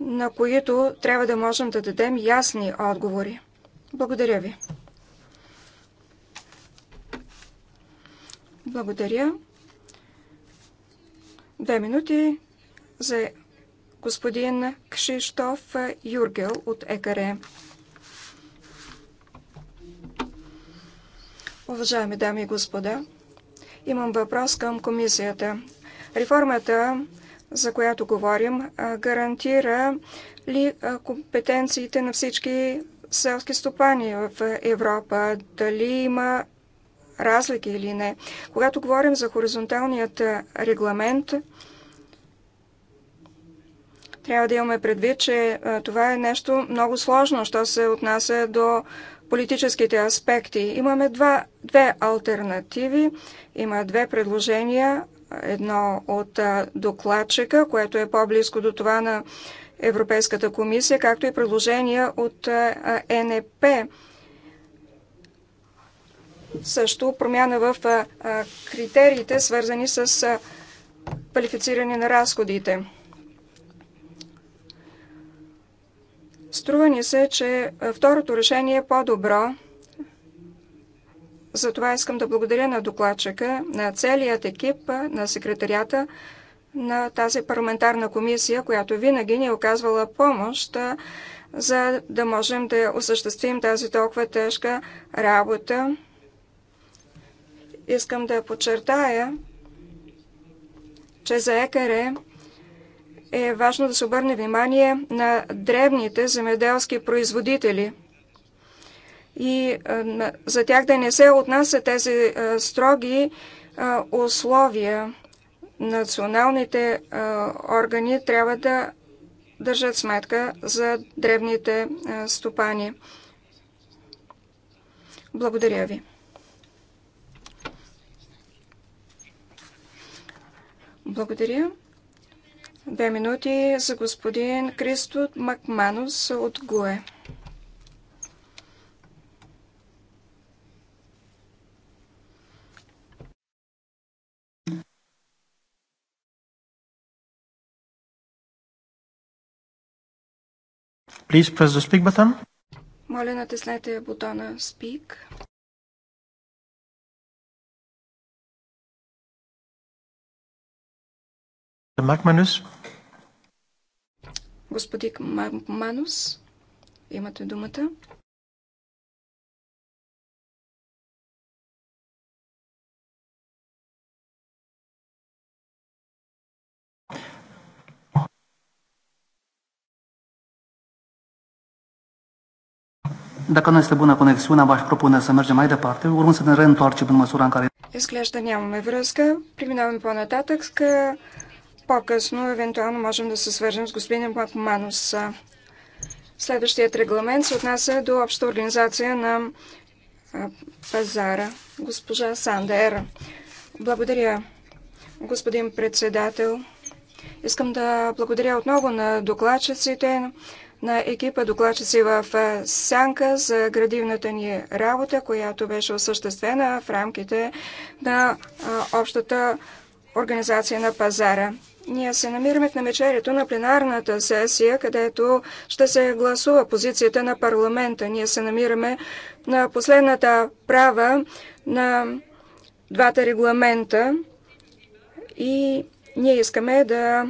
на които трябва да можем да дадем ясни отговори. Благодаря ви. Благодаря. Две минути за господин Кшиштоф Юргел от ЕКРЕ. Уважаеми дами и господа, имам въпрос към комисията. Реформата, за която говорим, гарантира ли компетенциите на всички селски стопани в Европа? Дали има разлики или не. Когато говорим за хоризонталният регламент, трябва да имаме предвид, че това е нещо много сложно, що се отнася до политическите аспекти. Имаме два, две альтернативи, има две предложения. Едно от докладчика, което е по-близко до това на Европейската комисия, както и предложения от НП също промяна в критериите, свързани с квалифициране на разходите. Струва ни се, че второто решение е по-добро. Затова искам да благодаря на докладчика, на целият екип, на секретарията на тази парламентарна комисия, която винаги ни е оказвала помощ, за да можем да осъществим тази толкова тежка работа. Искам да подчертая, че за ЕКР е важно да се обърне внимание на древните земеделски производители и за тях да не се отнасят тези строги условия. Националните органи трябва да държат сметка за древните стопани. Благодаря ви. Благодаря. Две минути за господин Кристо Макманус от ГУЕ. Please press the speak button. Моля, натиснете бутона Speak. Макманус. Господин Макманус, имате думата. Dacă nu este bună conexiunea, v-aș propune să mergem mai departe, urmând să ne reîntoarcem în măsura în care... Изглежда нямаме връзка. Преминаваме по-нататък по-късно, евентуално, можем да се свържем с господин Макманус. Следващият регламент се отнася до обща организация на пазара. Госпожа Сандер. Благодаря, господин председател. Искам да благодаря отново на докладчиците, на екипа докладчици в Сянка за градивната ни работа, която беше осъществена в рамките на общата организация на пазара. Ние се намираме в намечерието на пленарната сесия, където ще се гласува позицията на парламента. Ние се намираме на последната права на двата регламента и ние искаме да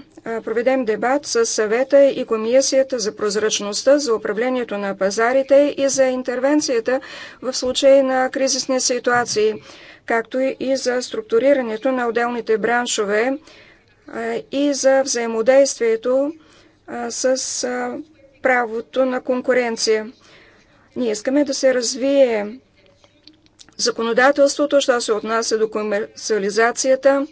проведем дебат с съвета и комисията за прозрачността, за управлението на пазарите и за интервенцията в случай на кризисни ситуации, както и за структурирането на отделните браншове и за взаимодействието с правото на конкуренция. Ние искаме да се развие законодателството, що се отнася до комерциализацията.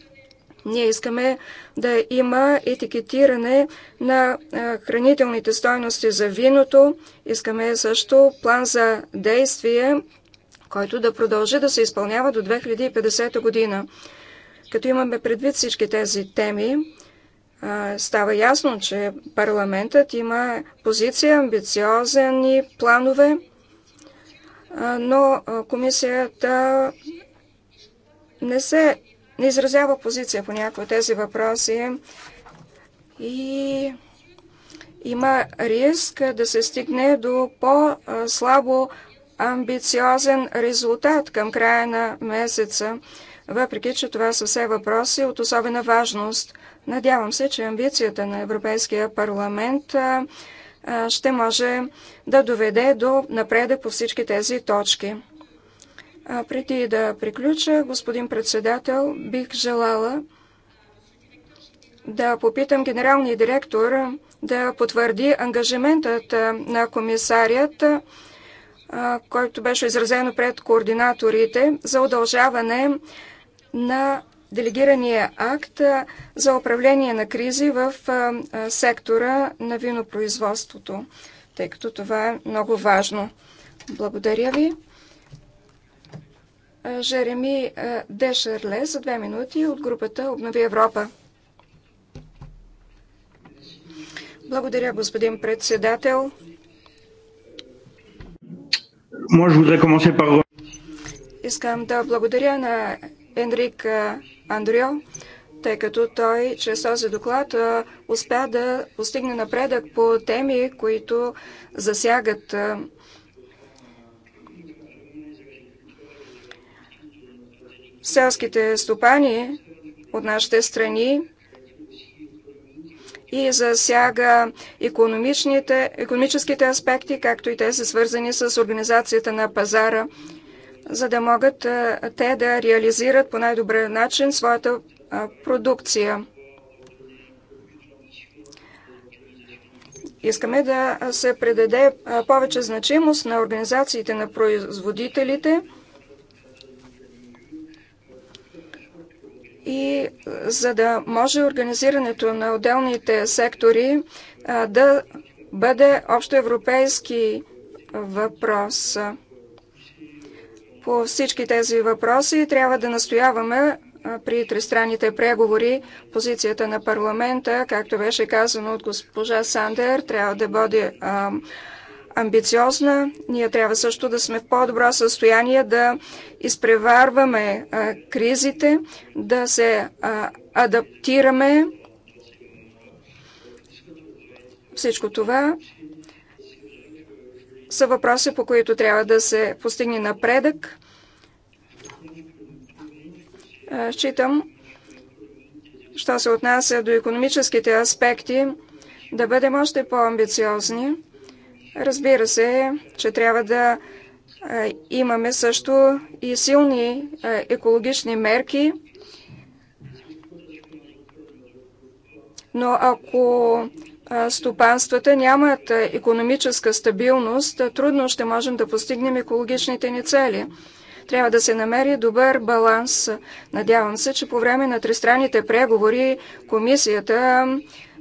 Ние искаме да има етикетиране на хранителните стойности за виното. Искаме също план за действие, който да продължи да се изпълнява до 2050 година. Като имаме предвид всички тези теми, става ясно, че парламентът има позиция, амбициозни планове, но комисията не се не изразява позиция по някои от тези въпроси и има риск да се стигне до по-слабо амбициозен резултат към края на месеца въпреки че това са все въпроси от особена важност. Надявам се, че амбицията на Европейския парламент ще може да доведе до напредък по всички тези точки. Преди да приключа, господин председател, бих желала да попитам генералния директор да потвърди ангажиментът на комисарият, който беше изразено пред координаторите за удължаване на делегирания акт за управление на кризи в сектора на винопроизводството, тъй като това е много важно. Благодаря ви. Жереми Дешерле за две минути от групата Обнови Европа. Благодаря, господин председател. Искам да благодаря на Енрик Андрио, тъй като той чрез този доклад успя да постигне напредък по теми, които засягат селските стопани от нашите страни и засяга економическите аспекти, както и тези свързани с организацията на пазара за да могат те да реализират по най-добър начин своята продукция. Искаме да се предаде повече значимост на организациите на производителите и за да може организирането на отделните сектори да бъде общоевропейски въпрос. въпрос. По всички тези въпроси трябва да настояваме при тристранните преговори позицията на парламента, както беше казано от госпожа Сандер, трябва да бъде амбициозна. Ние трябва също да сме в по-добро състояние да изпреварваме кризите, да се адаптираме. Всичко това са въпроси, по които трябва да се постигне напредък. Считам, що се отнася до економическите аспекти, да бъдем още по-амбициозни. Разбира се, че трябва да имаме също и силни екологични мерки, но ако стопанствата нямат економическа стабилност, трудно ще можем да постигнем екологичните ни цели. Трябва да се намери добър баланс. Надявам се, че по време на тристранните преговори комисията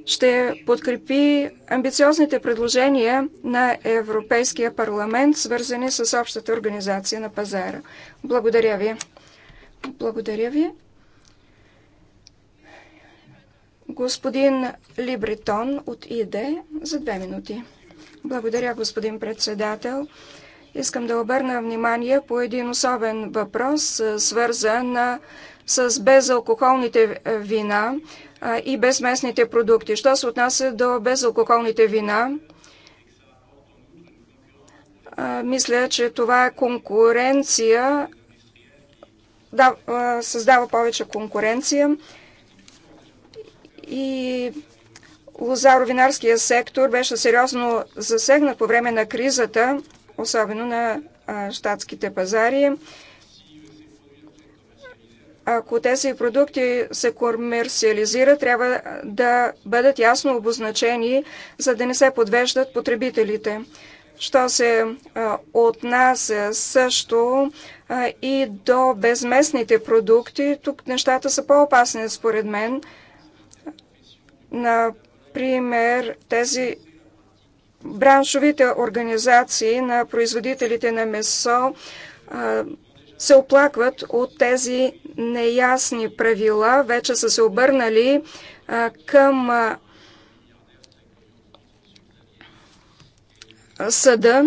ще подкрепи амбициозните предложения на Европейския парламент, свързани с общата организация на пазара. Благодаря ви. Благодаря ви. Господин Либритон от ИДЕ за две минути. Благодаря, господин председател. Искам да обърна внимание по един особен въпрос, свързан с безалкохолните вина и безместните продукти. Що се отнася до безалкохолните вина, мисля, че това е конкуренция, създава повече конкуренция и лозаровинарския сектор беше сериозно засегнат по време на кризата, особено на щатските пазари. Ако тези продукти се комерциализират, трябва да бъдат ясно обозначени, за да не се подвеждат потребителите. Що се отнася също и до безместните продукти, тук нещата са по-опасни според мен – Например, тези браншовите организации на производителите на месо се оплакват от тези неясни правила. Вече са се обърнали към съда.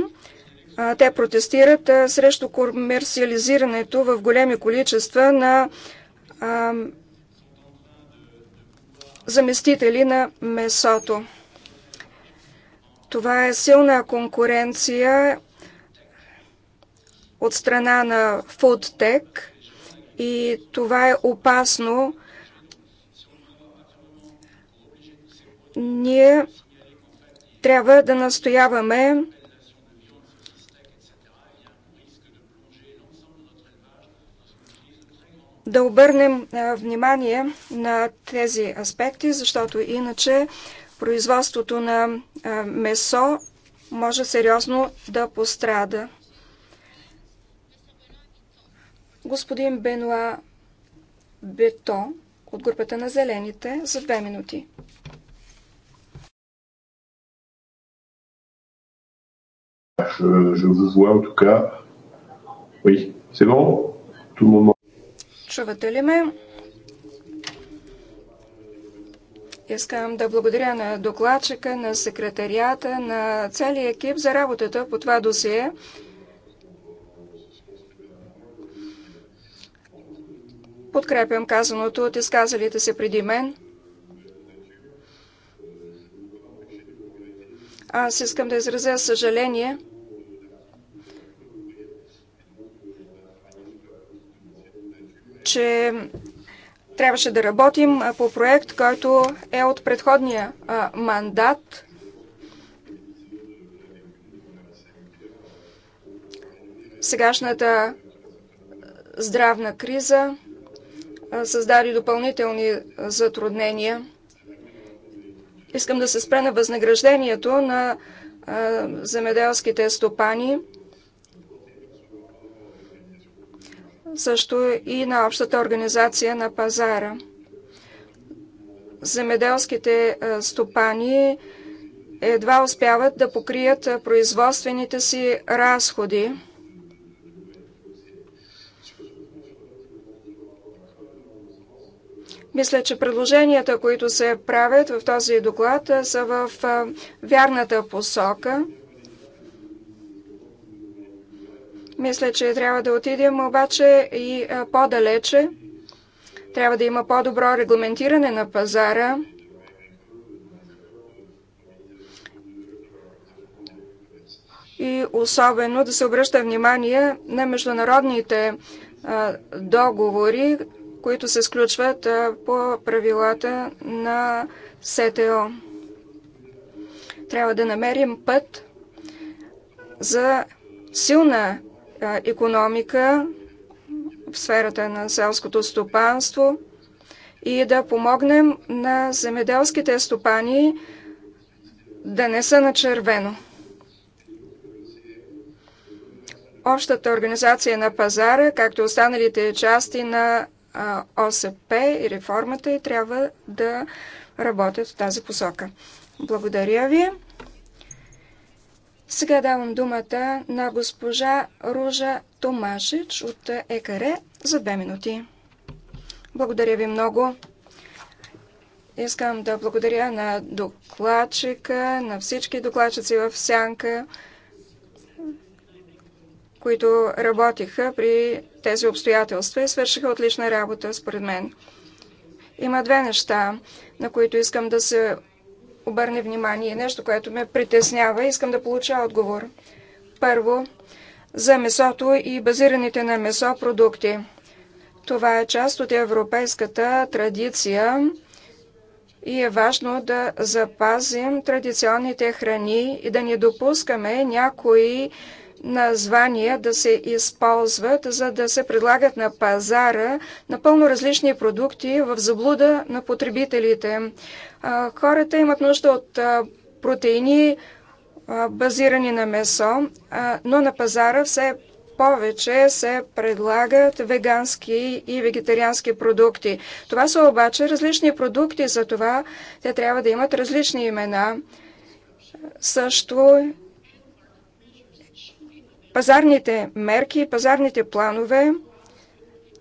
Те протестират срещу комерциализирането в големи количества на заместители на месото. Това е силна конкуренция от страна на FoodTech и това е опасно. Ние трябва да настояваме да обърнем внимание на тези аспекти, защото иначе производството на месо може сериозно да пострада. Господин Бенуа Бето от групата на зелените за две минути. Je, je vous vois en tout cas. Oui, c'est bon Tout le monde Чувате ли ме? Искам да благодаря на докладчика, на секретарията, на целия екип за работата по това досие. Подкрепям казаното от изказалите се преди мен. Аз искам да изразя съжаление – че трябваше да работим по проект, който е от предходния мандат. Сегашната здравна криза създаде допълнителни затруднения. Искам да се спре на възнаграждението на земеделските стопани – също и на общата организация на пазара. Земеделските стопани едва успяват да покрият производствените си разходи. Мисля, че предложенията, които се правят в този доклад, са в вярната посока – Мисля, че трябва да отидем обаче и по-далече. Трябва да има по-добро регламентиране на пазара. И особено да се обръща внимание на международните договори, които се сключват по правилата на СТО. Трябва да намерим път за силна економика в сферата на селското стопанство и да помогнем на земеделските стопани да не са на червено. Общата организация на пазара, както останалите части на ОСП и реформата и трябва да работят в тази посока. Благодаря ви. Сега давам думата на госпожа Ружа Томашич от ЕКР за две минути. Благодаря ви много. Искам да благодаря на докладчика, на всички докладчици в Сянка, които работиха при тези обстоятелства и свършиха отлична работа, според мен. Има две неща, на които искам да се обърне внимание. Нещо, което ме притеснява. Искам да получа отговор. Първо, за месото и базираните на месо продукти. Това е част от европейската традиция и е важно да запазим традиционните храни и да не допускаме някои названия да се използват, за да се предлагат на пазара напълно различни продукти в заблуда на потребителите. Хората имат нужда от протеини, базирани на месо, но на пазара все повече се предлагат вегански и вегетариански продукти. Това са обаче различни продукти, затова те трябва да имат различни имена. Също Пазарните мерки, пазарните планове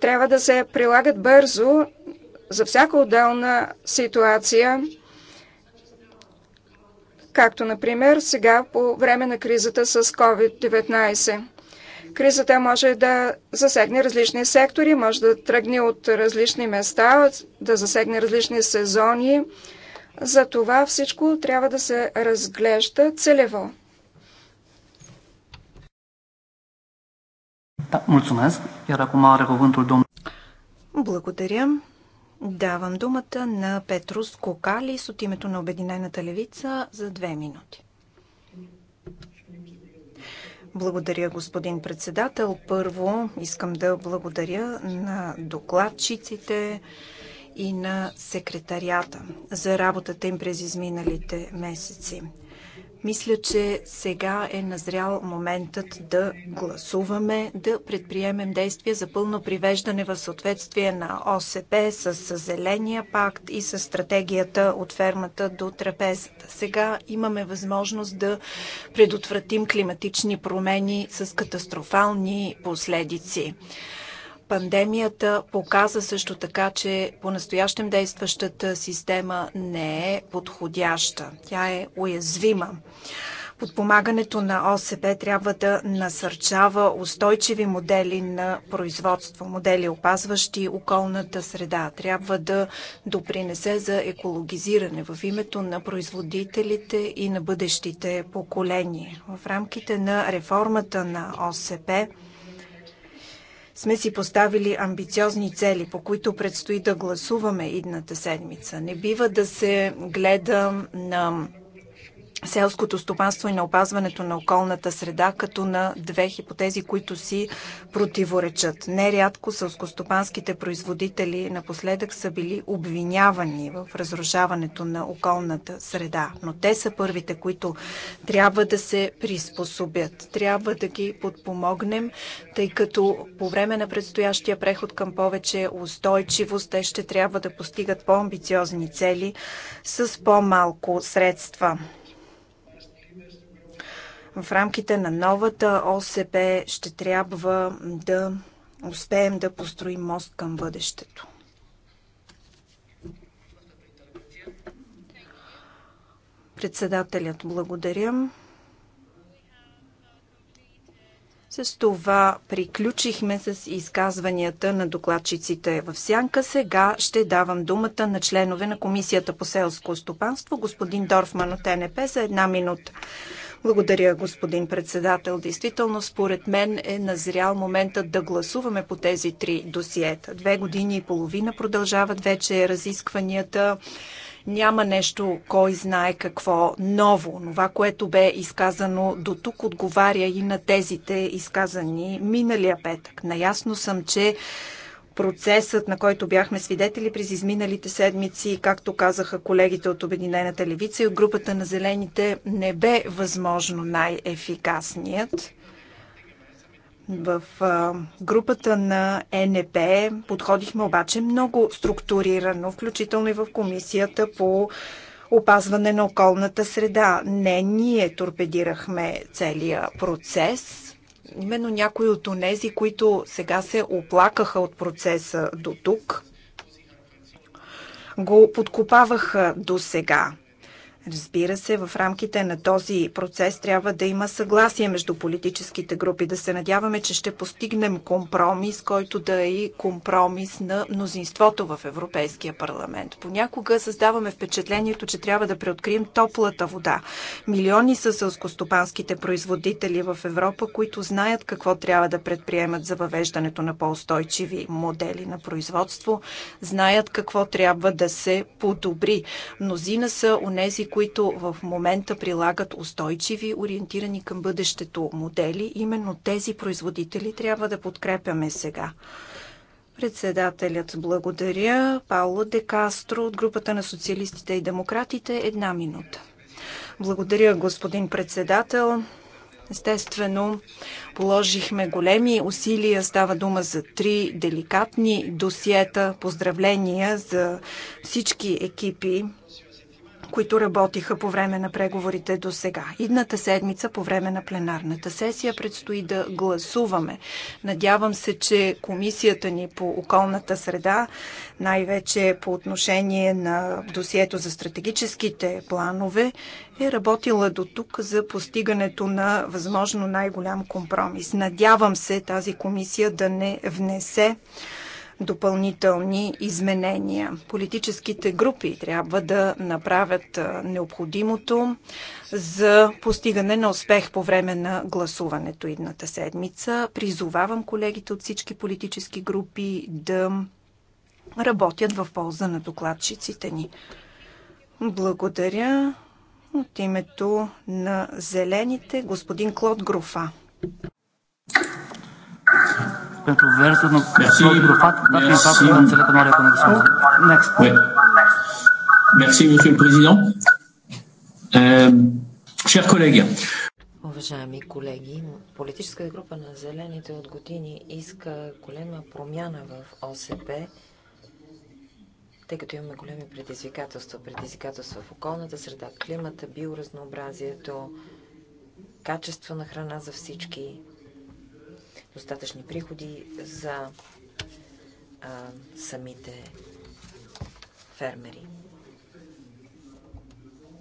трябва да се прилагат бързо за всяка отделна ситуация, както, например, сега по време на кризата с COVID-19. Кризата може да засегне различни сектори, може да тръгне от различни места, да засегне различни сезони. За това всичко трябва да се разглежда целево. Da, mulțumesc. Iar acum are cuvântul domnul. Благодаря. Давам думата на Петрус Кокалис от името на Обединената левица за две минути. Благодаря, господин председател. Първо искам да благодаря на докладчиците и на секретарията за работата им през изминалите месеци. Мисля, че сега е назрял моментът да гласуваме, да предприемем действия за пълно привеждане в съответствие на ОСП с Зеления пакт и с стратегията от фермата до трапезата. Сега имаме възможност да предотвратим климатични промени с катастрофални последици. Пандемията показа също така, че по-настоящем действащата система не е подходяща. Тя е уязвима. Подпомагането на ОСП трябва да насърчава устойчиви модели на производство, модели опазващи околната среда. Трябва да допринесе за екологизиране в името на производителите и на бъдещите поколения. В рамките на реформата на ОСП сме си поставили амбициозни цели, по които предстои да гласуваме идната седмица. Не бива да се гледа на селското стопанство и на опазването на околната среда като на две хипотези, които си противоречат. Нерядко селскостопанските производители напоследък са били обвинявани в разрушаването на околната среда, но те са първите, които трябва да се приспособят. Трябва да ги подпомогнем, тъй като по време на предстоящия преход към повече устойчивост те ще трябва да постигат по-амбициозни цели с по-малко средства. В рамките на новата ОСП ще трябва да успеем да построим мост към бъдещето. Председателят, благодаря. С това приключихме с изказванията на докладчиците в Сянка. Сега ще давам думата на членове на Комисията по селско стопанство, господин Дорфман от НП, за една минута. Благодаря, господин председател. Действително, според мен е назрял моментът да гласуваме по тези три досиета. Две години и половина продължават вече разискванията няма нещо, кой знае какво ново. Това, което бе изказано до тук, отговаря и на тезите, изказани миналия петък. Наясно съм, че процесът, на който бяхме свидетели през изминалите седмици, както казаха колегите от Обединената левица и от групата на зелените, не бе възможно най-ефикасният. В групата на НП подходихме обаче много структурирано, включително и в комисията по опазване на околната среда. Не ние торпедирахме целия процес, именно някои от онези, които сега се оплакаха от процеса до тук, го подкопаваха до сега. Разбира се, в рамките на този процес трябва да има съгласие между политическите групи. Да се надяваме, че ще постигнем компромис, който да е и компромис на мнозинството в Европейския парламент. Понякога създаваме впечатлението, че трябва да преоткрием топлата вода. Милиони са сълскостопанските производители в Европа, които знаят какво трябва да предприемат за въвеждането на по-устойчиви модели на производство, знаят какво трябва да се подобри. Мнозина са унези, които в момента прилагат устойчиви, ориентирани към бъдещето модели. Именно тези производители трябва да подкрепяме сега. Председателят благодаря. Пауло Де Кастро от групата на социалистите и демократите. Една минута. Благодаря, господин председател. Естествено, положихме големи усилия. Става дума за три деликатни досиета. Поздравления за всички екипи които работиха по време на преговорите до сега. Идната седмица по време на пленарната сесия предстои да гласуваме. Надявам се, че комисията ни по околната среда, най-вече по отношение на досието за стратегическите планове, е работила до тук за постигането на възможно най-голям компромис. Надявам се тази комисия да не внесе допълнителни изменения. Политическите групи трябва да направят необходимото за постигане на успех по време на гласуването идната седмица. Призовавам колегите от всички политически групи да работят в полза на докладчиците ни. Благодаря от името на зелените господин Клод Груфа. Merci, Monsieur le Président. Chers collègues, Уважаеми колеги, политическа група на Зелените от години иска голема промяна в ОСП, тъй като имаме големи предизвикателства. Предизвикателства в околната среда, климата, биоразнообразието, качество на храна за всички, достатъчни приходи за а, самите фермери.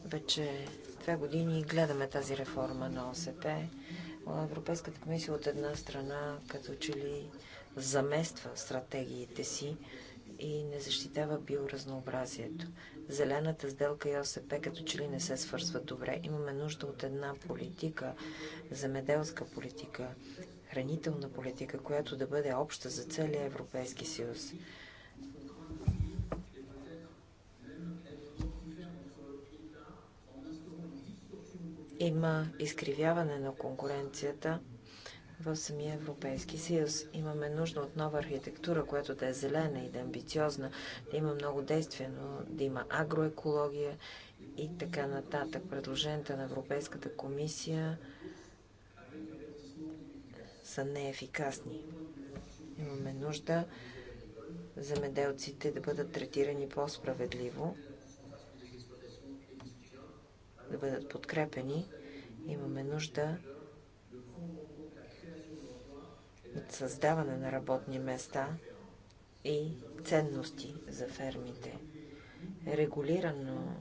Вече две години гледаме тази реформа на ОСП. Европейската комисия от една страна като че ли замества стратегиите си и не защитава биоразнообразието. Зелената сделка и ОСП като че ли не се свързват добре. Имаме нужда от една политика, земеделска политика, хранителна политика, която да бъде обща за целия Европейски съюз. Има изкривяване на конкуренцията в самия Европейски съюз. Имаме нужда от нова архитектура, която да е зелена и да е амбициозна, да има много действия, но да има агроекология и така нататък. Предложенията на Европейската комисия са неефикасни. Имаме нужда земеделците да бъдат третирани по-справедливо, да бъдат подкрепени. Имаме нужда от създаване на работни места и ценности за фермите. Регулирано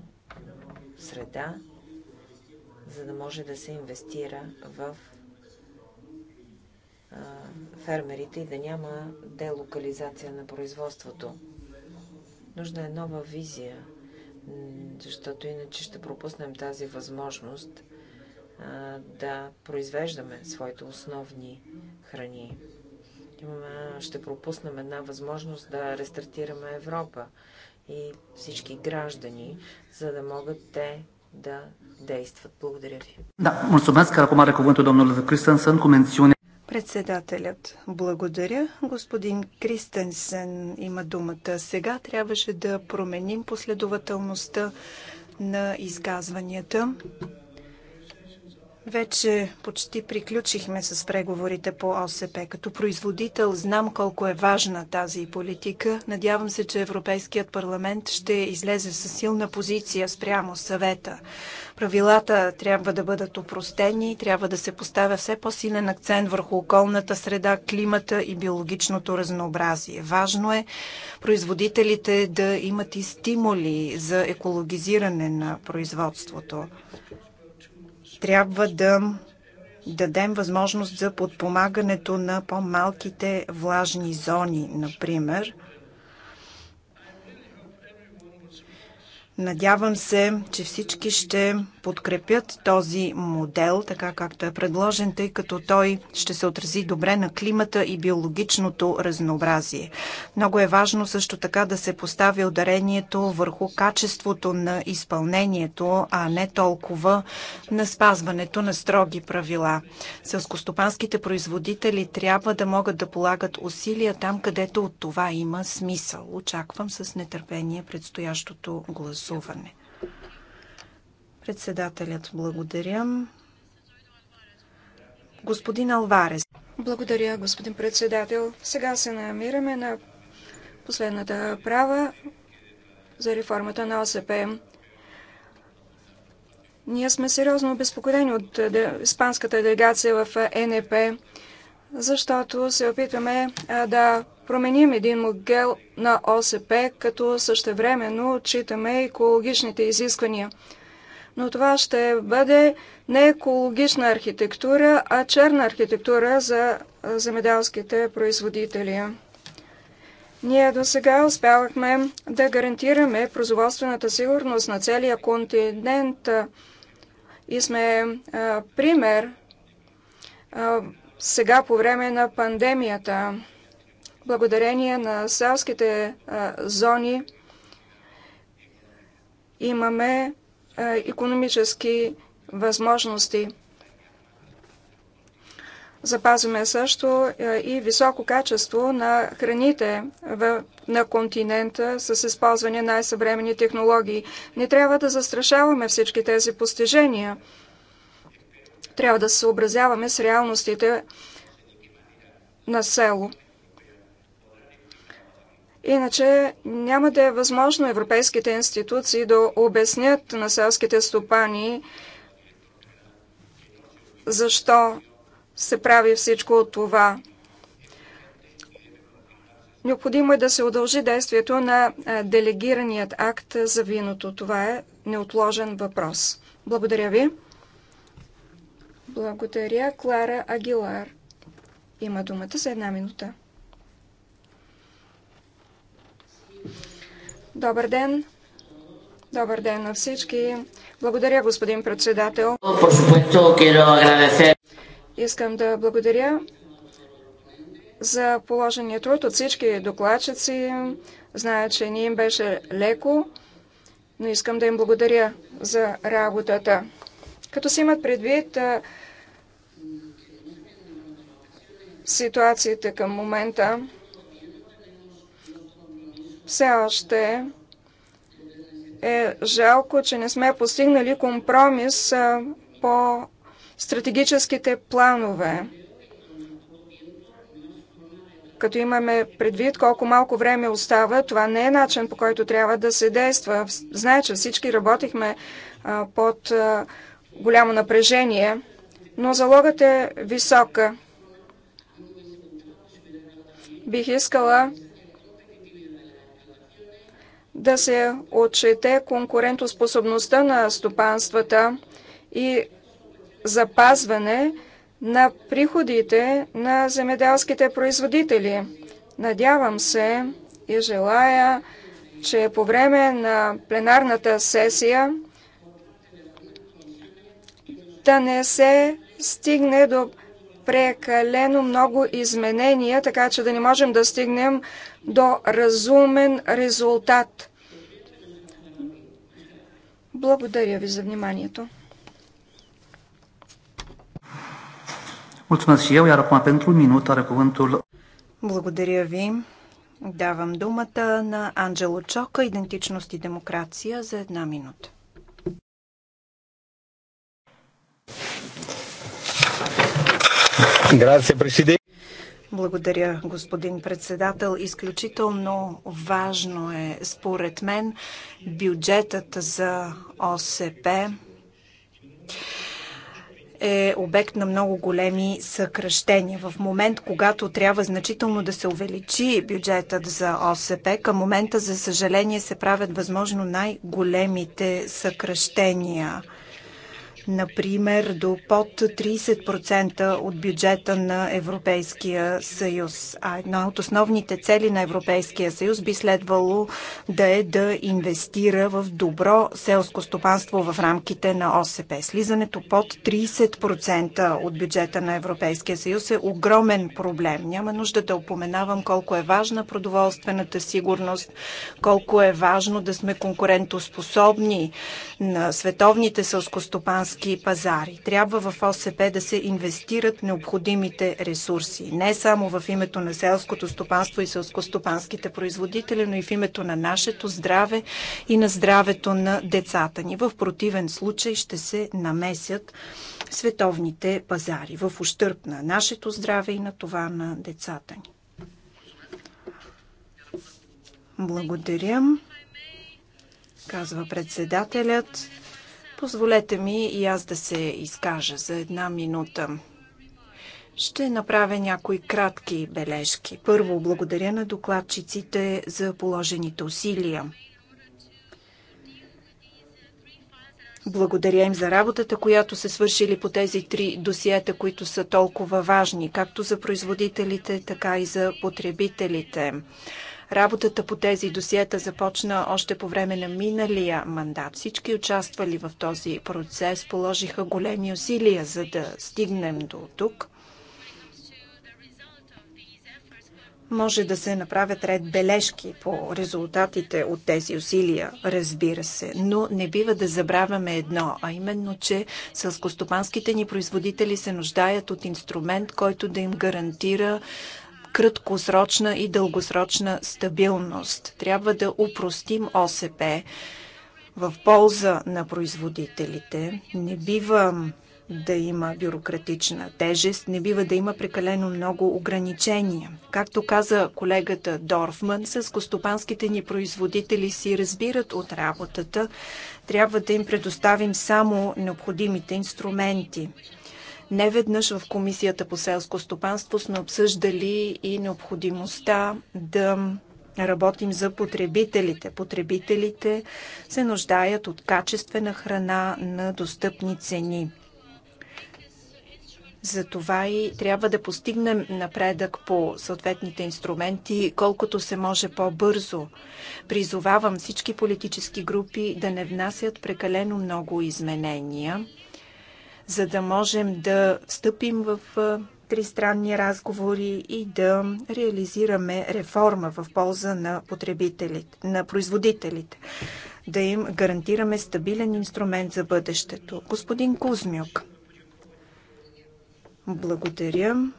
среда, за да може да се инвестира в фермерите и да няма делокализация на производството. Нужна е нова визия, защото иначе ще пропуснем тази възможност да произвеждаме своите основни храни. Ще пропуснем една възможност да рестартираме Европа и всички граждани, за да могат те да действат. Благодаря ви. Да, мулțumesc. Acum are cuvântul domnul за cu mențiune Председателят, благодаря. Господин Кристенсен има думата. Сега трябваше да променим последователността на изказванията. Вече почти приключихме с преговорите по ОСП. Като производител знам колко е важна тази политика. Надявам се, че Европейският парламент ще излезе с силна позиция спрямо съвета. Правилата трябва да бъдат опростени, трябва да се поставя все по-силен акцент върху околната среда, климата и биологичното разнообразие. Важно е производителите да имат и стимули за екологизиране на производството. Трябва да дадем възможност за подпомагането на по-малките влажни зони, например. Надявам се, че всички ще подкрепят този модел, така както е предложен, тъй като той ще се отрази добре на климата и биологичното разнообразие. Много е важно също така да се постави ударението върху качеството на изпълнението, а не толкова на спазването на строги правила. Селскостопанските производители трябва да могат да полагат усилия там, където от това има смисъл. Очаквам с нетърпение предстоящото гласуване. Председателят, благодаря. Господин Алварес. Благодаря, господин председател. Сега се намираме на последната права за реформата на ОСП. Ние сме сериозно обезпокоени от испанската делегация в е НП, защото се опитваме да променим един модел на ОСП, като същевременно отчитаме екологичните изисквания – но това ще бъде не екологична архитектура, а черна архитектура за земеделските производители. Ние до сега успявахме да гарантираме производствената сигурност на целия континент и сме а, пример а, сега по време на пандемията. Благодарение на селските а, зони имаме економически възможности. Запазваме също е, и високо качество на храните на континента с използване на най-съвремени технологии. Не трябва да застрашаваме всички тези постижения. Трябва да се съобразяваме с реалностите на село. Иначе няма да е възможно европейските институции да обяснят на селските стопани защо се прави всичко от това. Необходимо е да се удължи действието на делегираният акт за виното. Това е неотложен въпрос. Благодаря ви. Благодаря. Клара Агилар има думата за една минута. Добър ден! Добър ден на всички! Благодаря, господин председател. Искам да благодаря за положения труд от всички докладчици. Зная, че ни им беше леко, но искам да им благодаря за работата. Като си имат предвид ситуацията към момента, все още е жалко, че не сме постигнали компромис по стратегическите планове. Като имаме предвид колко малко време остава, това не е начин по който трябва да се действа. Знае, че всички работихме под голямо напрежение, но залогът е висока. Бих искала да се отчете конкурентоспособността на стопанствата и запазване на приходите на земеделските производители. Надявам се и желая, че по време на пленарната сесия да не се стигне до прекалено много изменения, така че да не можем да стигнем до разумен резултат. Благодаря ви за вниманието. Mulțumesc și eu, iar acum pentru minut are cuvântul. Благодаря ви. Давам думата на Анджело Чока, Идентичност и демокрация за една минута. Grazie Presidente. Благодаря, господин председател. Изключително важно е, според мен, бюджетът за ОСП е обект на много големи съкръщения. В момент, когато трябва значително да се увеличи бюджетът за ОСП, към момента, за съжаление, се правят възможно най-големите съкръщения – например, до под 30% от бюджета на Европейския съюз. А една от основните цели на Европейския съюз би следвало да е да инвестира в добро селско стопанство в рамките на ОСП. Слизането под 30% от бюджета на Европейския съюз е огромен проблем. Няма нужда да упоменавам колко е важна продоволствената сигурност, колко е важно да сме конкурентоспособни на световните селскостопански български пазари. Трябва в ОСП да се инвестират необходимите ресурси. Не само в името на селското стопанство и селскостопанските производители, но и в името на нашето здраве и на здравето на децата ни. В противен случай ще се намесят световните пазари в ущърп на нашето здраве и на това на децата ни. Благодаря, казва председателят. Позволете ми и аз да се изкажа за една минута. Ще направя някои кратки бележки. Първо, благодаря на докладчиците за положените усилия. Благодаря им за работата, която се свършили по тези три досиета, които са толкова важни, както за производителите, така и за потребителите. Работата по тези досиета започна още по време на миналия мандат. Всички участвали в този процес положиха големи усилия, за да стигнем до тук. Може да се направят ред бележки по резултатите от тези усилия, разбира се, но не бива да забравяме едно, а именно, че сълскостопанските ни производители се нуждаят от инструмент, който да им гарантира краткосрочна и дългосрочна стабилност. Трябва да упростим ОСП в полза на производителите. Не бива да има бюрократична тежест, не бива да има прекалено много ограничения. Както каза колегата Дорфман, с костопанските ни производители си разбират от работата. Трябва да им предоставим само необходимите инструменти. Не веднъж в Комисията по селско стопанство сме обсъждали и необходимостта да работим за потребителите. Потребителите се нуждаят от качествена храна на достъпни цени. Затова и трябва да постигнем напредък по съответните инструменти, колкото се може по-бързо. Призовавам всички политически групи да не внасят прекалено много изменения за да можем да встъпим в тристранни разговори и да реализираме реформа в полза на потребителите, на производителите, да им гарантираме стабилен инструмент за бъдещето. Господин Кузмюк, благодаря.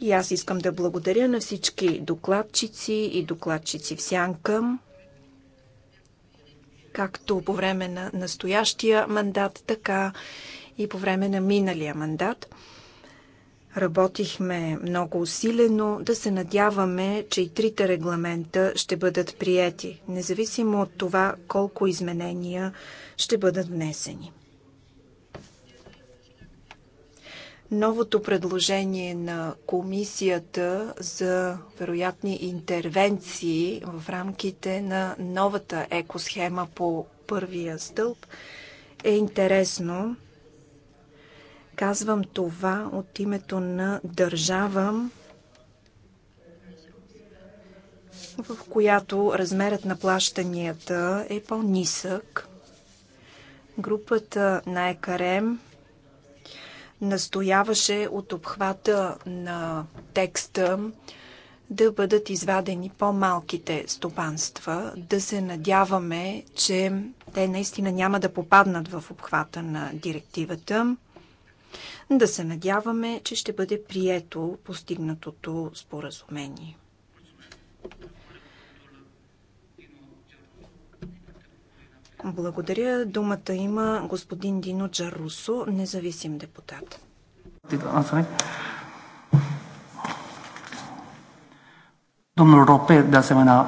И аз искам да благодаря на всички докладчици и докладчици в сянка както по време на настоящия мандат, така и по време на миналия мандат. Работихме много усилено да се надяваме, че и трите регламента ще бъдат приети, независимо от това колко изменения ще бъдат внесени. новото предложение на комисията за вероятни интервенции в рамките на новата екосхема по първия стълб е интересно. Казвам това от името на държава, в която размерът на плащанията е по-нисък. Групата на ЕКРМ настояваше от обхвата на текста да бъдат извадени по-малките стопанства. Да се надяваме, че те наистина няма да попаднат в обхвата на директивата. Да се надяваме, че ще бъде прието постигнатото споразумение. Благодаря. Думата има господин Дино Джарусо, независим депутат. Domnul Rope, de asemenea,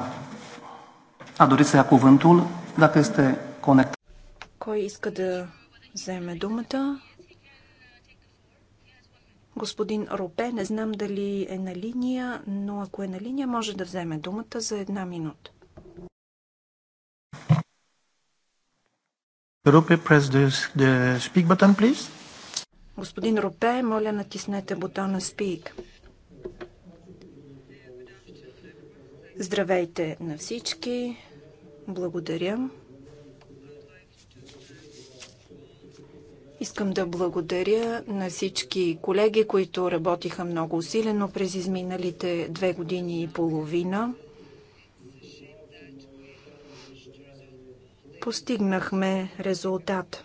a dorit să ia cuvântul, dacă este conectat. Кой иска да вземе думата? Господин Ропе, не знам дали е на линия, но ако е на линия, може да вземе думата за една минута. Рупе, press the, the speak button, please. Господин Рупе, моля натиснете бутона Speak. Здравейте на всички. Благодаря. Искам да благодаря на всички колеги, които работиха много усилено през изминалите две години и половина. постигнахме резултат.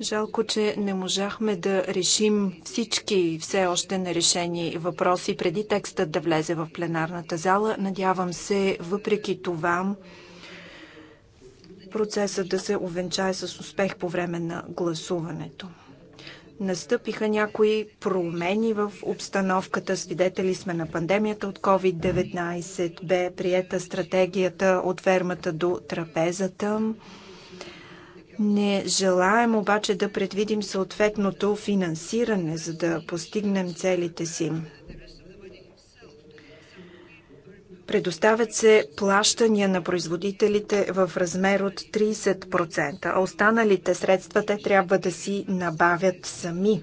Жалко, че не можахме да решим всички все още нерешени въпроси преди текстът да влезе в пленарната зала. Надявам се, въпреки това, процесът да се увенчае с успех по време на гласуването настъпиха някои промени в обстановката. Свидетели сме на пандемията от COVID-19. Бе приета стратегията от фермата до трапезата. Не желаем обаче да предвидим съответното финансиране, за да постигнем целите си. Предоставят се плащания на производителите в размер от 30%, а останалите средства те трябва да си набавят сами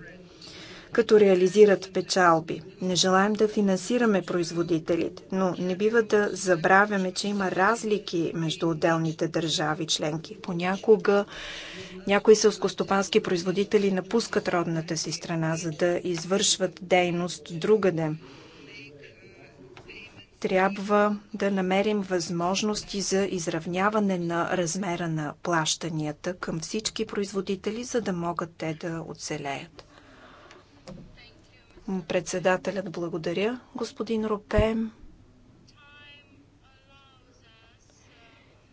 като реализират печалби. Не желаем да финансираме производителите, но не бива да забравяме, че има разлики между отделните държави членки. Понякога някои селскостопански производители напускат родната си страна, за да извършват дейност другаде трябва да намерим възможности за изравняване на размера на плащанията към всички производители, за да могат те да оцелеят. Председателят благодаря, господин Ропе.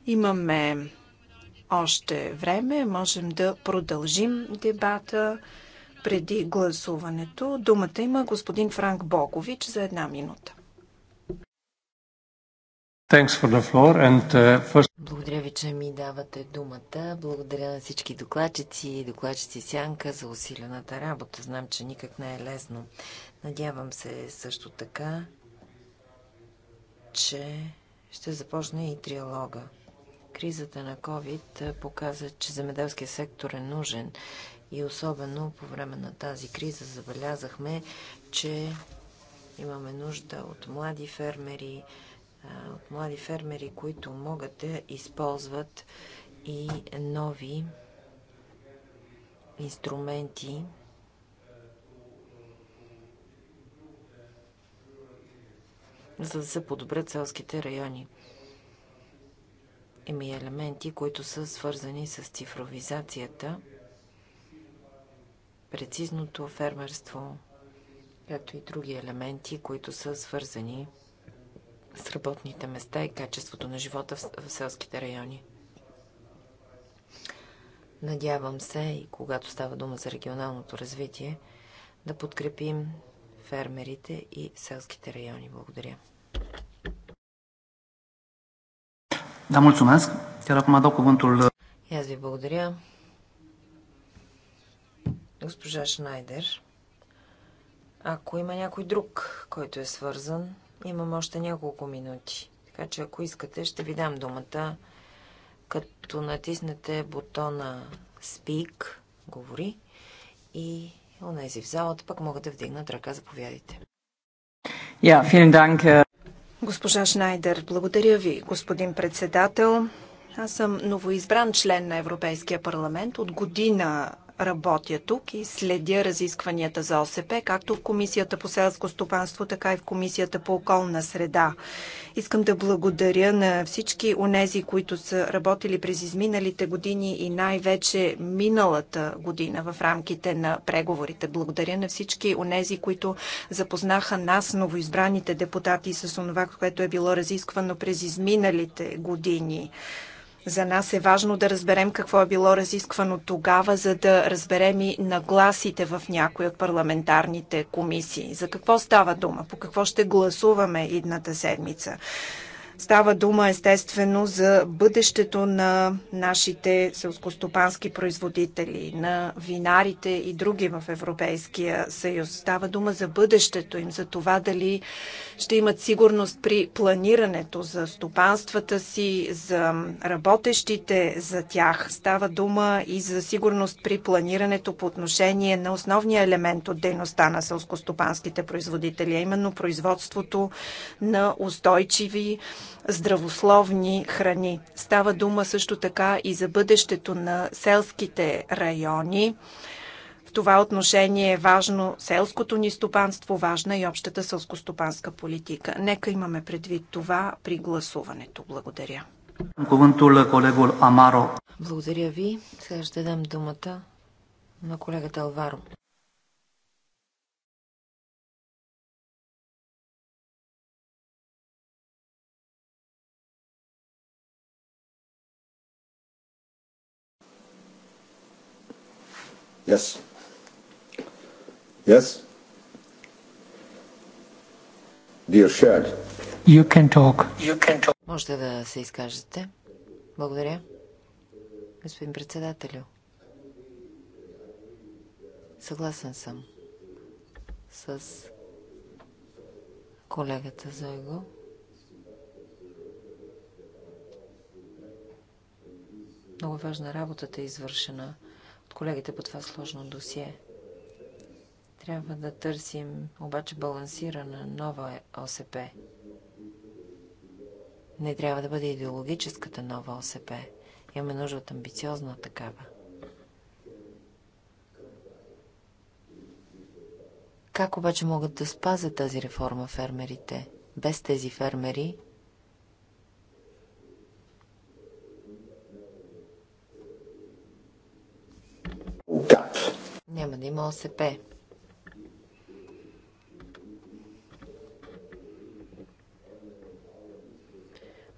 Имаме още време, можем да продължим дебата преди гласуването. Думата има господин Франк Богович за една минута. Uh, Благодаря ви, че ми давате думата. Благодаря на всички докладчици и докладчици Сянка за усилената работа. Знам, че никак не е лесно. Надявам се също така, че ще започне и триалога. Кризата на COVID показа, че земеделския сектор е нужен и особено по време на тази криза забелязахме, че имаме нужда от млади фермери, от млади фермери, които могат да използват и нови инструменти, за да се подобрят селските райони. Има и елементи, които са свързани с цифровизацията, прецизното фермерство, както и други елементи, които са свързани с с работните места и качеството на живота в селските райони. Надявам се и когато става дума за регионалното развитие, да подкрепим фермерите и селските райони. Благодаря. Да, mulțumesc. Chiar acum dau cuvântul... И аз ви благодаря. Госпожа Шнайдер, ако има някой друг, който е свързан, Имам още няколко минути, така че ако искате, ще ви дам думата. Като натиснете бутона Speak, говори, и онези в залата пък могат да вдигнат ръка, заповядайте. Ja, yeah, äh, Госпожа Шнайдер, благодаря ви, господин председател. Аз съм новоизбран член на Европейския парламент. От година работя тук и следя разискванията за ОСП, както в Комисията по селско стопанство, така и в Комисията по околна среда. Искам да благодаря на всички онези, които са работили през изминалите години и най-вече миналата година в рамките на преговорите. Благодаря на всички онези, които запознаха нас, новоизбраните депутати, с онова, което е било разисквано през изминалите години. За нас е важно да разберем какво е било разисквано тогава, за да разберем и нагласите в някои от парламентарните комисии. За какво става дума? По какво ще гласуваме идната седмица? Става дума естествено за бъдещето на нашите селскостопански производители, на винарите и други в Европейския съюз. Става дума за бъдещето им, за това дали ще имат сигурност при планирането за стопанствата си, за работещите за тях. Става дума и за сигурност при планирането по отношение на основния елемент от дейността на селскостопанските производители, а именно производството на устойчиви здравословни храни. Става дума също така и за бъдещето на селските райони. В това отношение е важно селското ни стопанство, важна и общата селскостопанска политика. Нека имаме предвид това при гласуването. Благодаря. Благодаря ви. Сега ще дам думата на колегата Алваро. Yes. Yes. Dear Shad. You can talk. You can talk. Можете да се изкажете. Благодаря. Господин председателю. Съгласен съм с колегата его. Много важна работата е извършена колегите по това сложно досие. Трябва да търсим обаче балансирана нова ОСП. Не трябва да бъде идеологическата нова ОСП. Имаме нужда от амбициозна такава. Как обаче могат да спазят тази реформа фермерите? Без тези фермери Няма да има ОСП.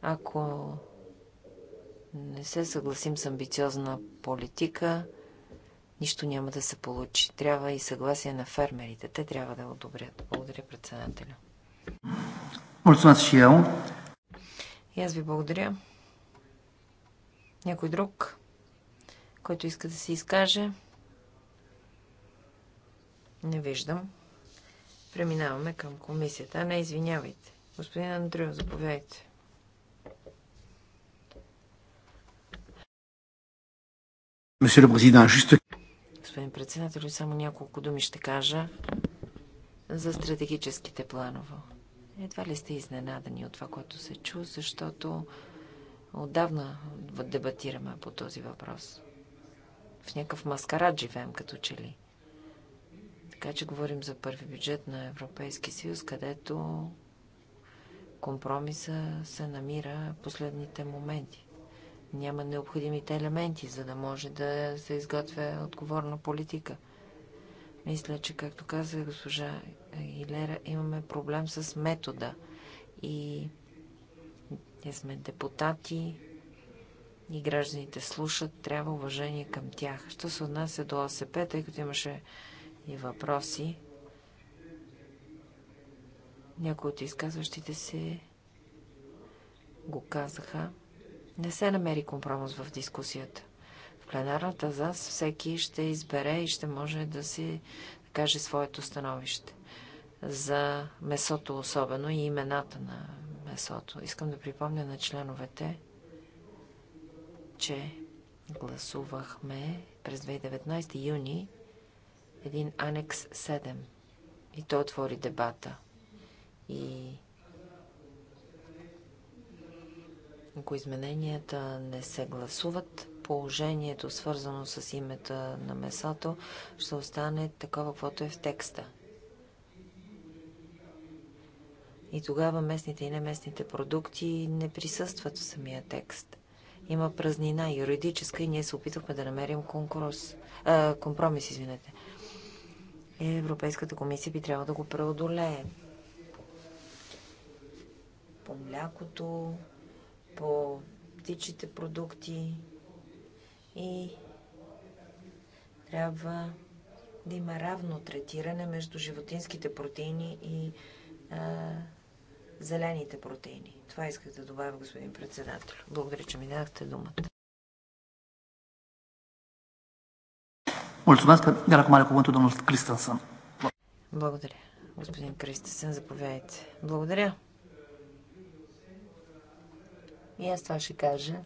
Ако не се съгласим с амбициозна политика, нищо няма да се получи. Трябва и съгласие на фермерите. Те трябва да одобрят. Благодаря председателя. И аз ви благодаря. Някой друг, който иска да се изкаже? Не виждам. Преминаваме към комисията. А, не, извинявайте. Господин Андрю, заповядайте. Господин председател, само няколко думи ще кажа за стратегическите планове. Едва ли сте изненадани от това, което се чу, защото отдавна дебатираме по този въпрос. В някакъв маскарад живеем като че ли. Така че говорим за първи бюджет на Европейски съюз, където компромиса се намира последните моменти. Няма необходимите елементи, за да може да се изготвя отговорна политика. Мисля, че, както каза госпожа Гилера, имаме проблем с метода. И ние сме депутати и гражданите слушат, трябва уважение към тях. Що се отнася до ОСП, тъй като имаше и въпроси. Някои от изказващите се го казаха. Не се намери компромис в дискусията. В пленарната зас всеки ще избере и ще може да си каже своето становище. За месото особено и имената на месото. Искам да припомня на членовете, че гласувахме през 2019 юни един анекс 7. И то отвори дебата. И ако измененията не се гласуват, положението, свързано с името на месото, ще остане такова, каквото е в текста. И тогава местните и неместните продукти не присъстват в самия текст. Има празнина юридическа и ние се опитахме да намерим конкурс, а, компромис, извинете. Европейската комисия би трябвало да го преодолее. По млякото, по птичите продукти и трябва да има равно третиране между животинските протеини и а, зелените протеини. Това исках да добавя, господин председател. Благодаря, че ми дадахте думата. Mulțumesc, iar acum are cuvântul domnul Благодаря. Господин Кристесен, заповядайте. Благодаря. И аз това ще кажа.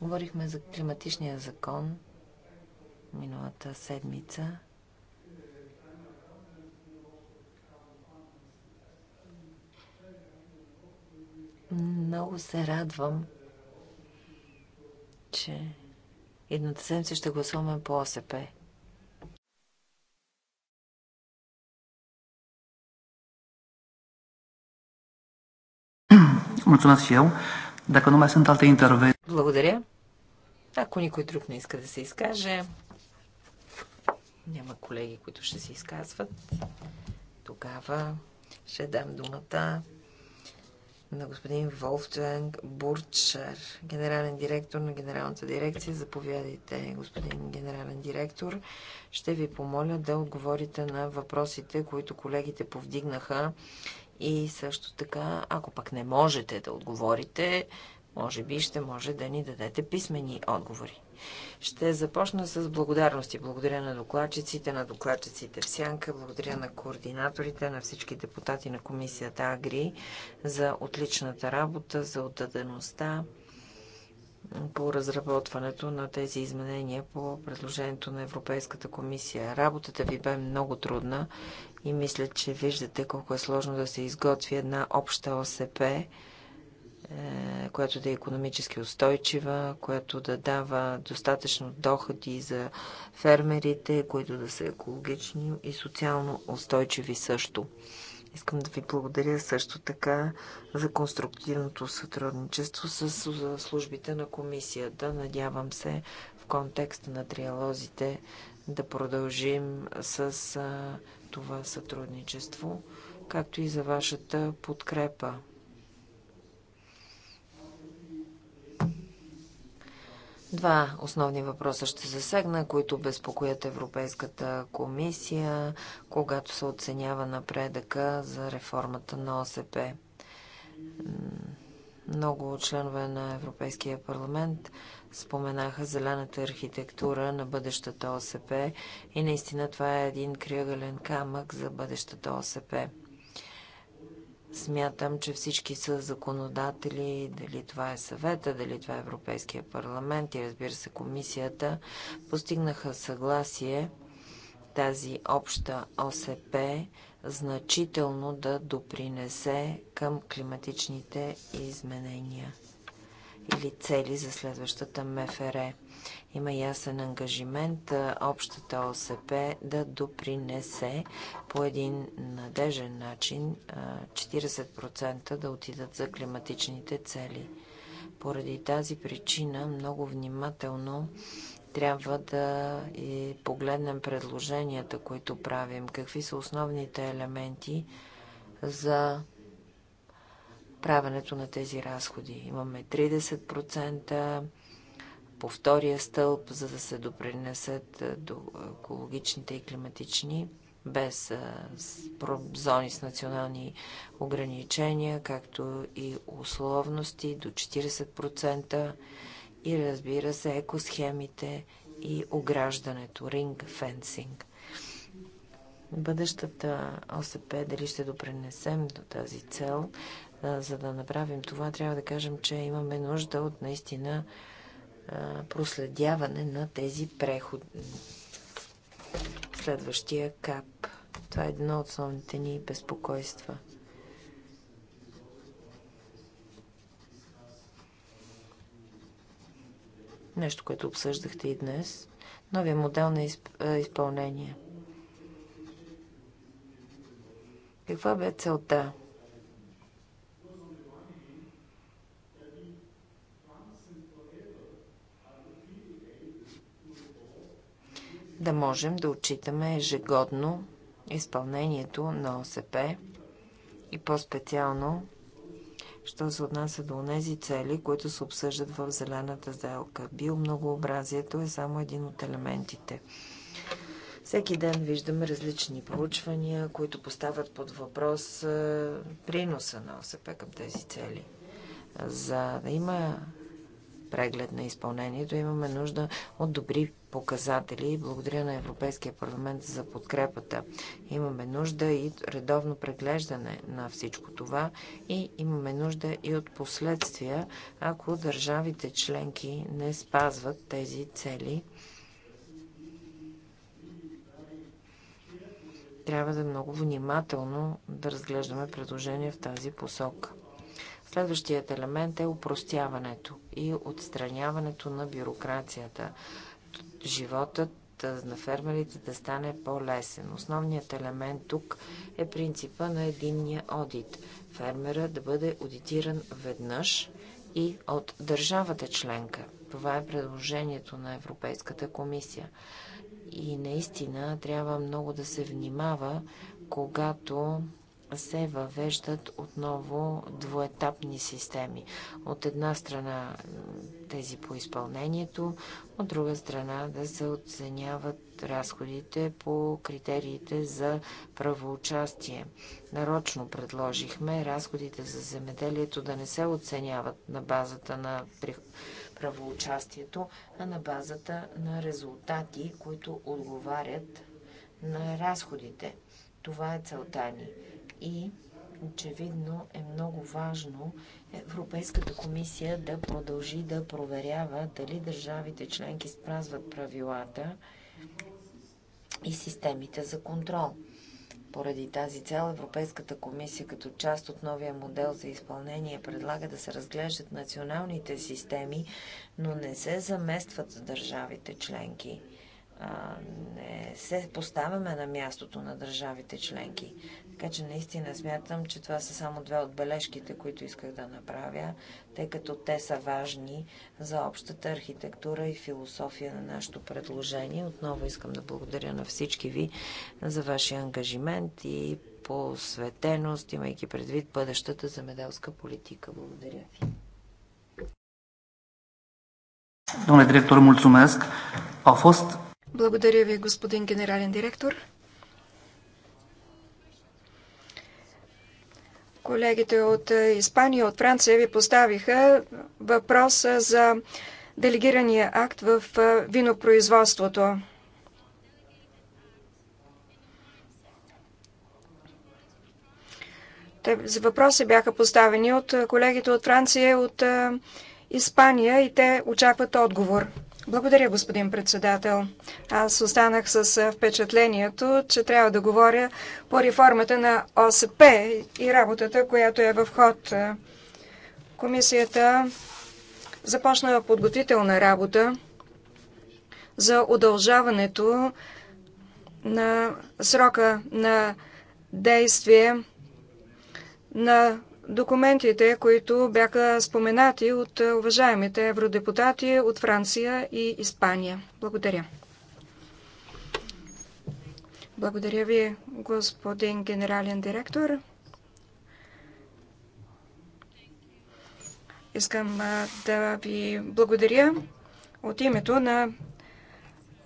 Говорихме за климатичния закон миналата седмица. Много се радвам, че едната седмица ще гласуваме по ОСП. Благодаря. Ако никой друг не иска да се изкаже, няма колеги, които ще се изказват, тогава ще дам думата на господин Волфганг Бурчер, генерален директор на Генералната дирекция. Заповядайте, господин генерален директор. Ще ви помоля да отговорите на въпросите, които колегите повдигнаха и също така, ако пък не можете да отговорите, може би ще може да ни дадете писмени отговори. Ще започна с благодарности. Благодаря на докладчиците, на докладчиците в Сянка, благодаря на координаторите, на всички депутати на комисията Агри за отличната работа, за отдадеността по разработването на тези изменения по предложението на Европейската комисия. Работата ви бе много трудна и мисля, че виждате колко е сложно да се изготви една обща ОСП, е, която да е економически устойчива, която да дава достатъчно доходи за фермерите, които да са екологични и социално устойчиви също. Искам да ви благодаря също така за конструктивното сътрудничество с службите на комисията. Надявам се в контекста на триалозите да продължим с това сътрудничество, както и за вашата подкрепа Два основни въпроса ще засегна, които безпокоят Европейската комисия, когато се оценява напредъка за реформата на ОСП. Много членове на Европейския парламент споменаха зелената архитектура на бъдещата ОСП и наистина това е един кръгълен камък за бъдещата ОСП. Смятам, че всички са законодатели, дали това е съвета, дали това е Европейския парламент и разбира се комисията, постигнаха съгласие тази обща ОСП значително да допринесе към климатичните изменения или цели за следващата МФР. Има ясен ангажимент общата ОСП да допринесе по един надежен начин 40% да отидат за климатичните цели. Поради тази причина много внимателно трябва да и погледнем предложенията, които правим. Какви са основните елементи за правенето на тези разходи? Имаме 30% по втория стълб, за да се допринесат е, до екологичните и климатични, без е, зони с национални ограничения, както и условности до 40% и разбира се екосхемите и ограждането, ринг фенсинг. Бъдещата ОСП, дали ще допренесем до тази цел, е, за да направим това, трябва да кажем, че имаме нужда от наистина проследяване на тези преходни. Следващия кап. Това е едно от основните ни безпокойства. Нещо, което обсъждахте и днес. Новия модел на изп... изпълнение. Каква бе целта? да можем да отчитаме ежегодно изпълнението на ОСП и по-специално, що се отнася до тези цели, които се обсъждат в зелената сделка. Биомногообразието е само един от елементите. Всеки ден виждаме различни проучвания, които поставят под въпрос е, приноса на ОСП към тези цели. За да има преглед на изпълнението. Имаме нужда от добри показатели и благодаря на Европейския парламент за подкрепата. Имаме нужда и редовно преглеждане на всичко това и имаме нужда и от последствия, ако държавите членки не спазват тези цели. Трябва да много внимателно да разглеждаме предложения в тази посока. Следващият елемент е упростяването и отстраняването на бюрокрацията. Животът на фермерите да стане по-лесен. Основният елемент тук е принципа на единния одит. Фермера да бъде аудитиран веднъж и от държавата членка. Това е предложението на Европейската комисия. И наистина трябва много да се внимава, когато се въвеждат отново двуетапни системи. От една страна тези по изпълнението, от друга страна да се оценяват разходите по критериите за правоучастие. Нарочно предложихме разходите за земеделието да не се оценяват на базата на правоучастието, а на базата на резултати, които отговарят на разходите. Това е целта ни и очевидно е много важно Европейската комисия да продължи да проверява дали държавите членки спразват правилата и системите за контрол. Поради тази цел Европейската комисия като част от новия модел за изпълнение предлага да се разглеждат националните системи, но не се заместват с държавите членки. не се поставяме на мястото на държавите членки. Така че наистина смятам, че това са само две от бележките, които исках да направя, тъй като те са важни за общата архитектура и философия на нашето предложение. Отново искам да благодаря на всички ви за вашия ангажимент и посветеност, имайки предвид бъдещата замеделска политика. Благодаря ви. Domnule director, mulțumesc. Au Благодаря ви, господин генерален директор. Колегите от е, Испания, от Франция ви поставиха въпроса за делегирания акт в е, винопроизводството. Тези въпроси бяха поставени от е, колегите от Франция и от Испания и те очакват отговор. Благодаря, господин председател. Аз останах с впечатлението, че трябва да говоря по реформата на ОСП и работата, която е в ход. Комисията започна подготвителна работа за удължаването на срока на действие на документите, които бяха споменати от е, уважаемите евродепутати от Франция и Испания. Благодаря. Благодаря ви, господин генерален директор. Искам е, да ви благодаря от името на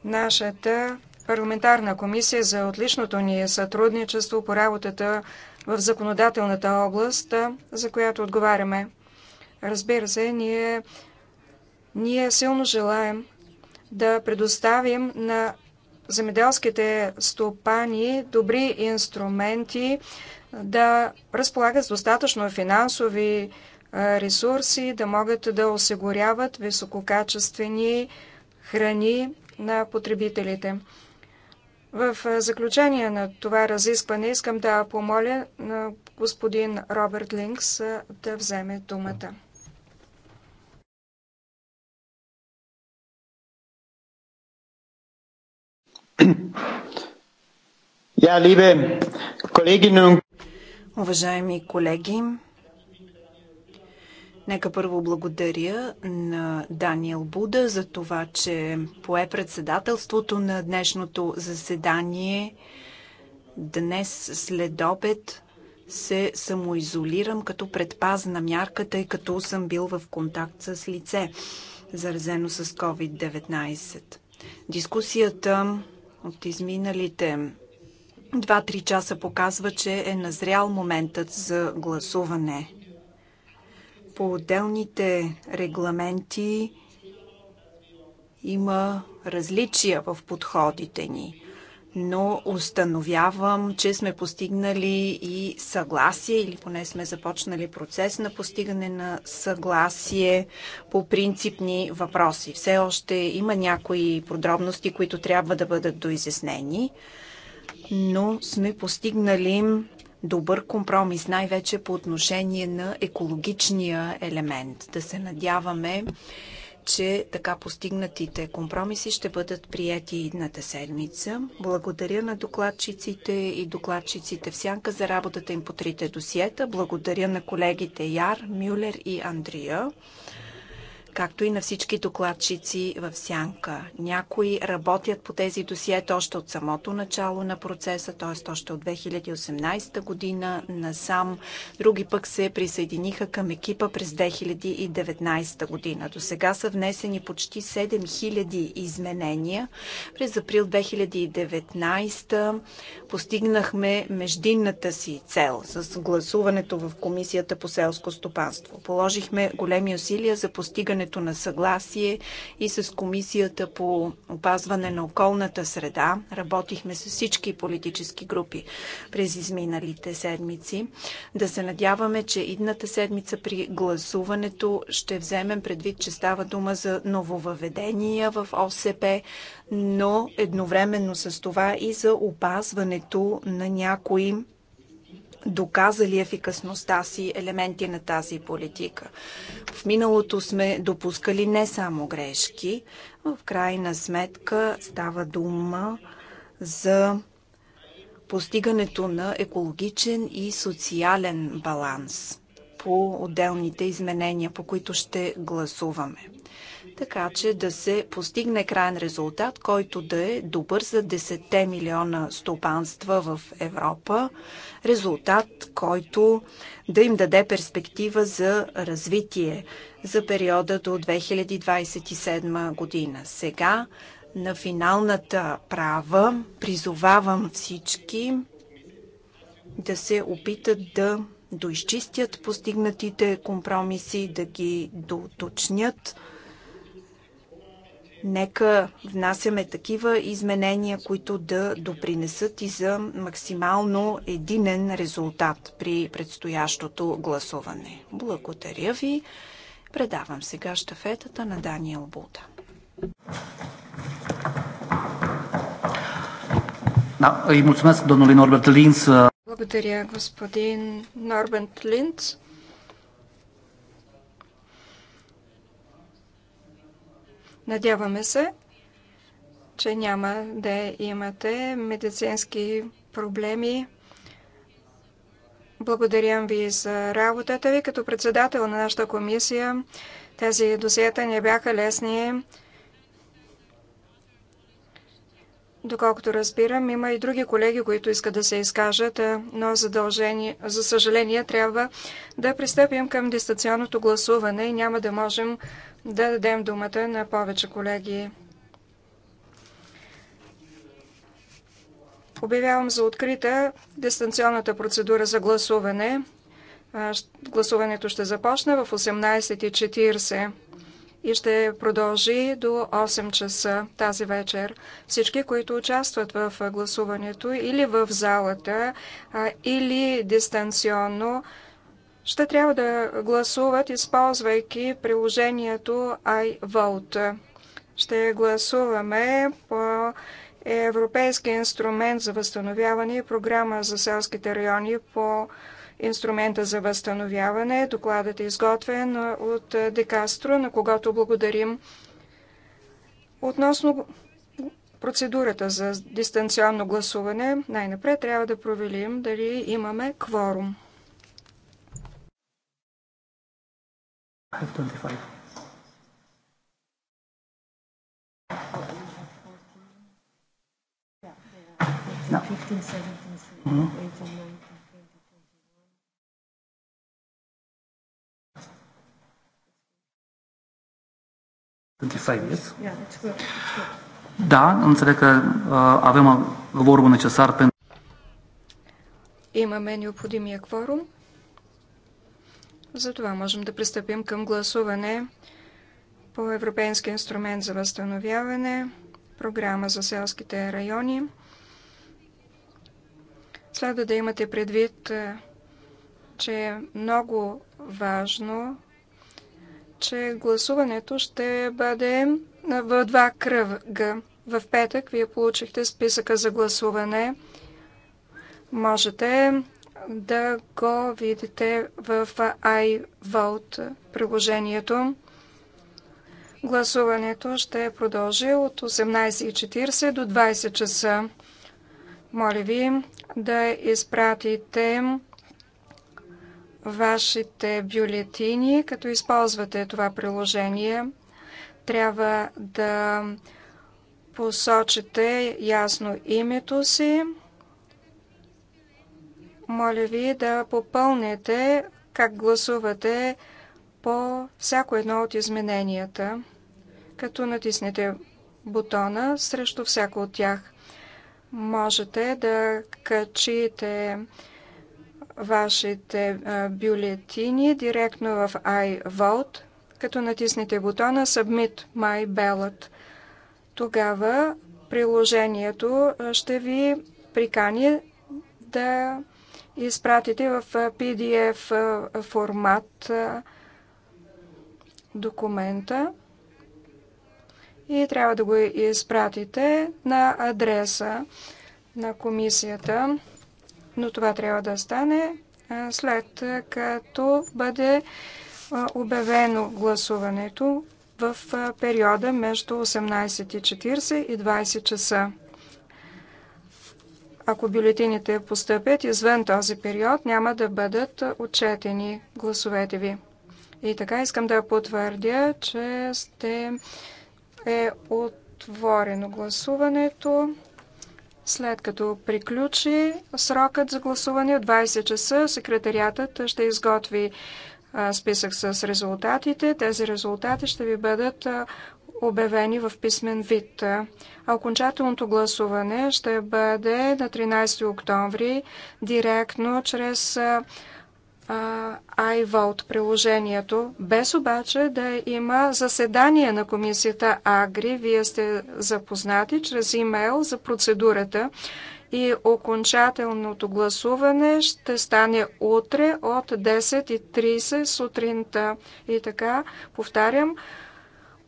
нашата парламентарна комисия за отличното ни сътрудничество по работата в законодателната област, за която отговаряме. Разбира се, ние, ние силно желаем да предоставим на земеделските стопани добри инструменти да разполагат с достатъчно финансови ресурси, да могат да осигуряват висококачествени храни на потребителите. В заключение на това разискване искам да помоля на господин Роберт Линкс да вземе думата. Уважаеми колеги, Нека първо благодаря на Даниел Буда за това, че пое председателството на днешното заседание. Днес след обед се самоизолирам като предпазна мярка, тъй като съм бил в контакт с лице, заразено с COVID-19. Дискусията от изминалите 2-3 часа показва, че е назрял моментът за гласуване. По отделните регламенти има различия в подходите ни, но установявам, че сме постигнали и съгласие, или поне сме започнали процес на постигане на съгласие по принципни въпроси. Все още има някои подробности, които трябва да бъдат доизяснени, но сме постигнали добър компромис, най-вече по отношение на екологичния елемент. Да се надяваме, че така постигнатите компромиси ще бъдат прияти идната седмица. Благодаря на докладчиците и докладчиците в сянка за работата им по трите досиета. Благодаря на колегите Яр, Мюлер и Андрия както и на всички докладчици в сянка. Някои работят по тези досиета още от самото начало на процеса, т.е. още от 2018 година насам. Други пък се присъединиха към екипа през 2019 година. До сега са внесени почти 7000 изменения. През април 2019 постигнахме междинната си цел с гласуването в Комисията по селско стопанство. Положихме големи усилия за постигане постигането на съгласие и с Комисията по опазване на околната среда. Работихме с всички политически групи през изминалите седмици. Да се надяваме, че идната седмица при гласуването ще вземем предвид, че става дума за нововъведения в ОСП, но едновременно с това и за опазването на някои доказали ефикасността си елементи на тази политика. В миналото сме допускали не само грешки, в крайна сметка става дума за постигането на екологичен и социален баланс по отделните изменения, по които ще гласуваме така че да се постигне крайен резултат, който да е добър за 10 милиона стопанства в Европа. Резултат, който да им даде перспектива за развитие за периода до 2027 година. Сега на финалната права призовавам всички да се опитат да доизчистят постигнатите компромиси, да ги доточнят Нека внасяме такива изменения, които да допринесат и за максимално единен резултат при предстоящото гласуване. Благодаря ви. Предавам сега щафетата на Даниел Бута. Благодаря, господин Норберт Линц. Надяваме се, че няма да имате медицински проблеми. Благодарям ви за работата ви като председател на нашата комисия. Тези досиета не бяха лесни. Доколкото разбирам, има и други колеги, които искат да се изкажат, но за съжаление трябва да пристъпим към дистанционното гласуване и няма да можем да дадем думата на повече колеги. Обявявам за открита дистанционната процедура за гласуване. Гласуването ще започне в 18.40 и ще продължи до 8 часа тази вечер. Всички, които участват в гласуването или в залата, или дистанционно, ще трябва да гласуват, използвайки приложението iVote. Ще гласуваме по Европейския инструмент за възстановяване и програма за селските райони по инструмента за възстановяване. Докладът е изготвен от Декастро, на когато благодарим. Относно процедурата за дистанционно гласуване, най-напред трябва да провелим дали имаме кворум. 525. No. 15, 17, 18, 19. Да, înțeleg că uh, avem vorbă necesar pentru. Имаме необходимия кворум. Затова можем да пристъпим към гласуване по Европейски инструмент за възстановяване, програма за селските райони. Следва да имате предвид, е, че е много важно, че гласуването ще бъде в два кръга. В петък вие получихте списъка за гласуване. Можете да го видите в iVote приложението. Гласуването ще продължи от 18.40 до 20 часа. Моля ви да изпратите вашите бюлетини, като използвате това приложение. Трябва да посочите ясно името си. Моля ви да попълнете как гласувате по всяко едно от измененията, като натиснете бутона срещу всяко от тях. Можете да качите вашите бюлетини директно в iVote, като натиснете бутона Submit My Ballot. Тогава приложението ще ви прикани да изпратите в PDF формат документа и трябва да го изпратите на адреса на комисията, но това трябва да стане след като бъде обявено гласуването в периода между 18.40 и 20 часа. Ако бюлетините постъпят извън този период, няма да бъдат отчетени гласовете ви. И така искам да потвърдя, че сте е отворено гласуването. След като приключи срокът за гласуване от 20 часа, секретариатът ще изготви списък с резултатите. Тези резултати ще ви бъдат обявени в писмен вид. окончателното гласуване ще бъде на 13 октомври директно чрез iVote приложението, без обаче да има заседание на комисията Агри. Вие сте запознати чрез имейл за процедурата и окончателното гласуване ще стане утре от 10.30 сутринта. И така, повтарям,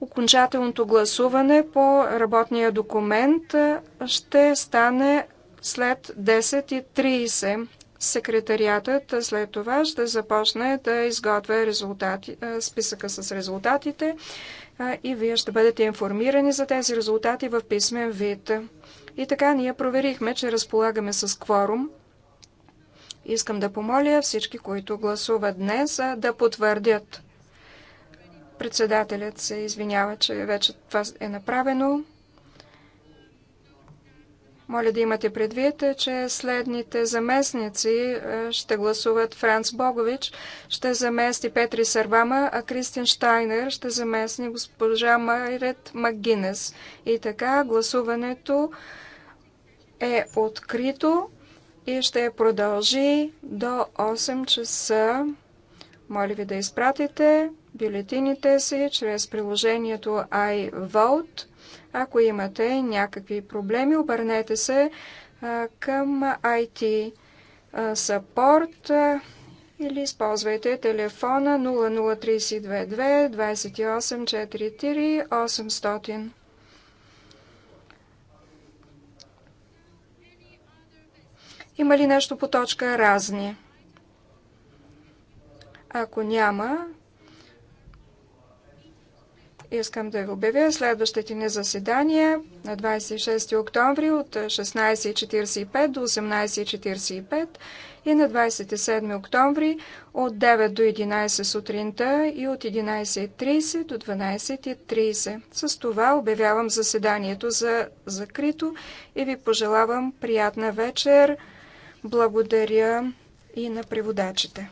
Окончателното гласуване по работния документ ще стане след 10.30. Секретариатът след това ще започне да изготвя резултати, списъка с резултатите и вие ще бъдете информирани за тези резултати в писмен вид. И така ние проверихме, че разполагаме с кворум. Искам да помоля всички, които гласуват днес, да потвърдят Председателят се извинява, че вече това е направено. Моля да имате предвид, че следните заместници е, ще гласуват Франц Богович, ще замести Петри Сървама, а Кристин Штайнер ще замести госпожа Майрет Магинес. И така гласуването е открито и ще продължи до 8 часа. Моля ви да изпратите бюлетините си чрез приложението iVote. Ако имате някакви проблеми, обърнете се към IT Support или използвайте телефона 00322 2844 800. Има ли нещо по точка разни? Ако няма, Искам да ви обявя следващите ни заседания на 26 октомври от 16.45 до 18.45 и на 27 октомври от 9 до 11 сутринта и от 11.30 до 12.30. С това обявявам заседанието за закрито и ви пожелавам приятна вечер. Благодаря и на преводачите.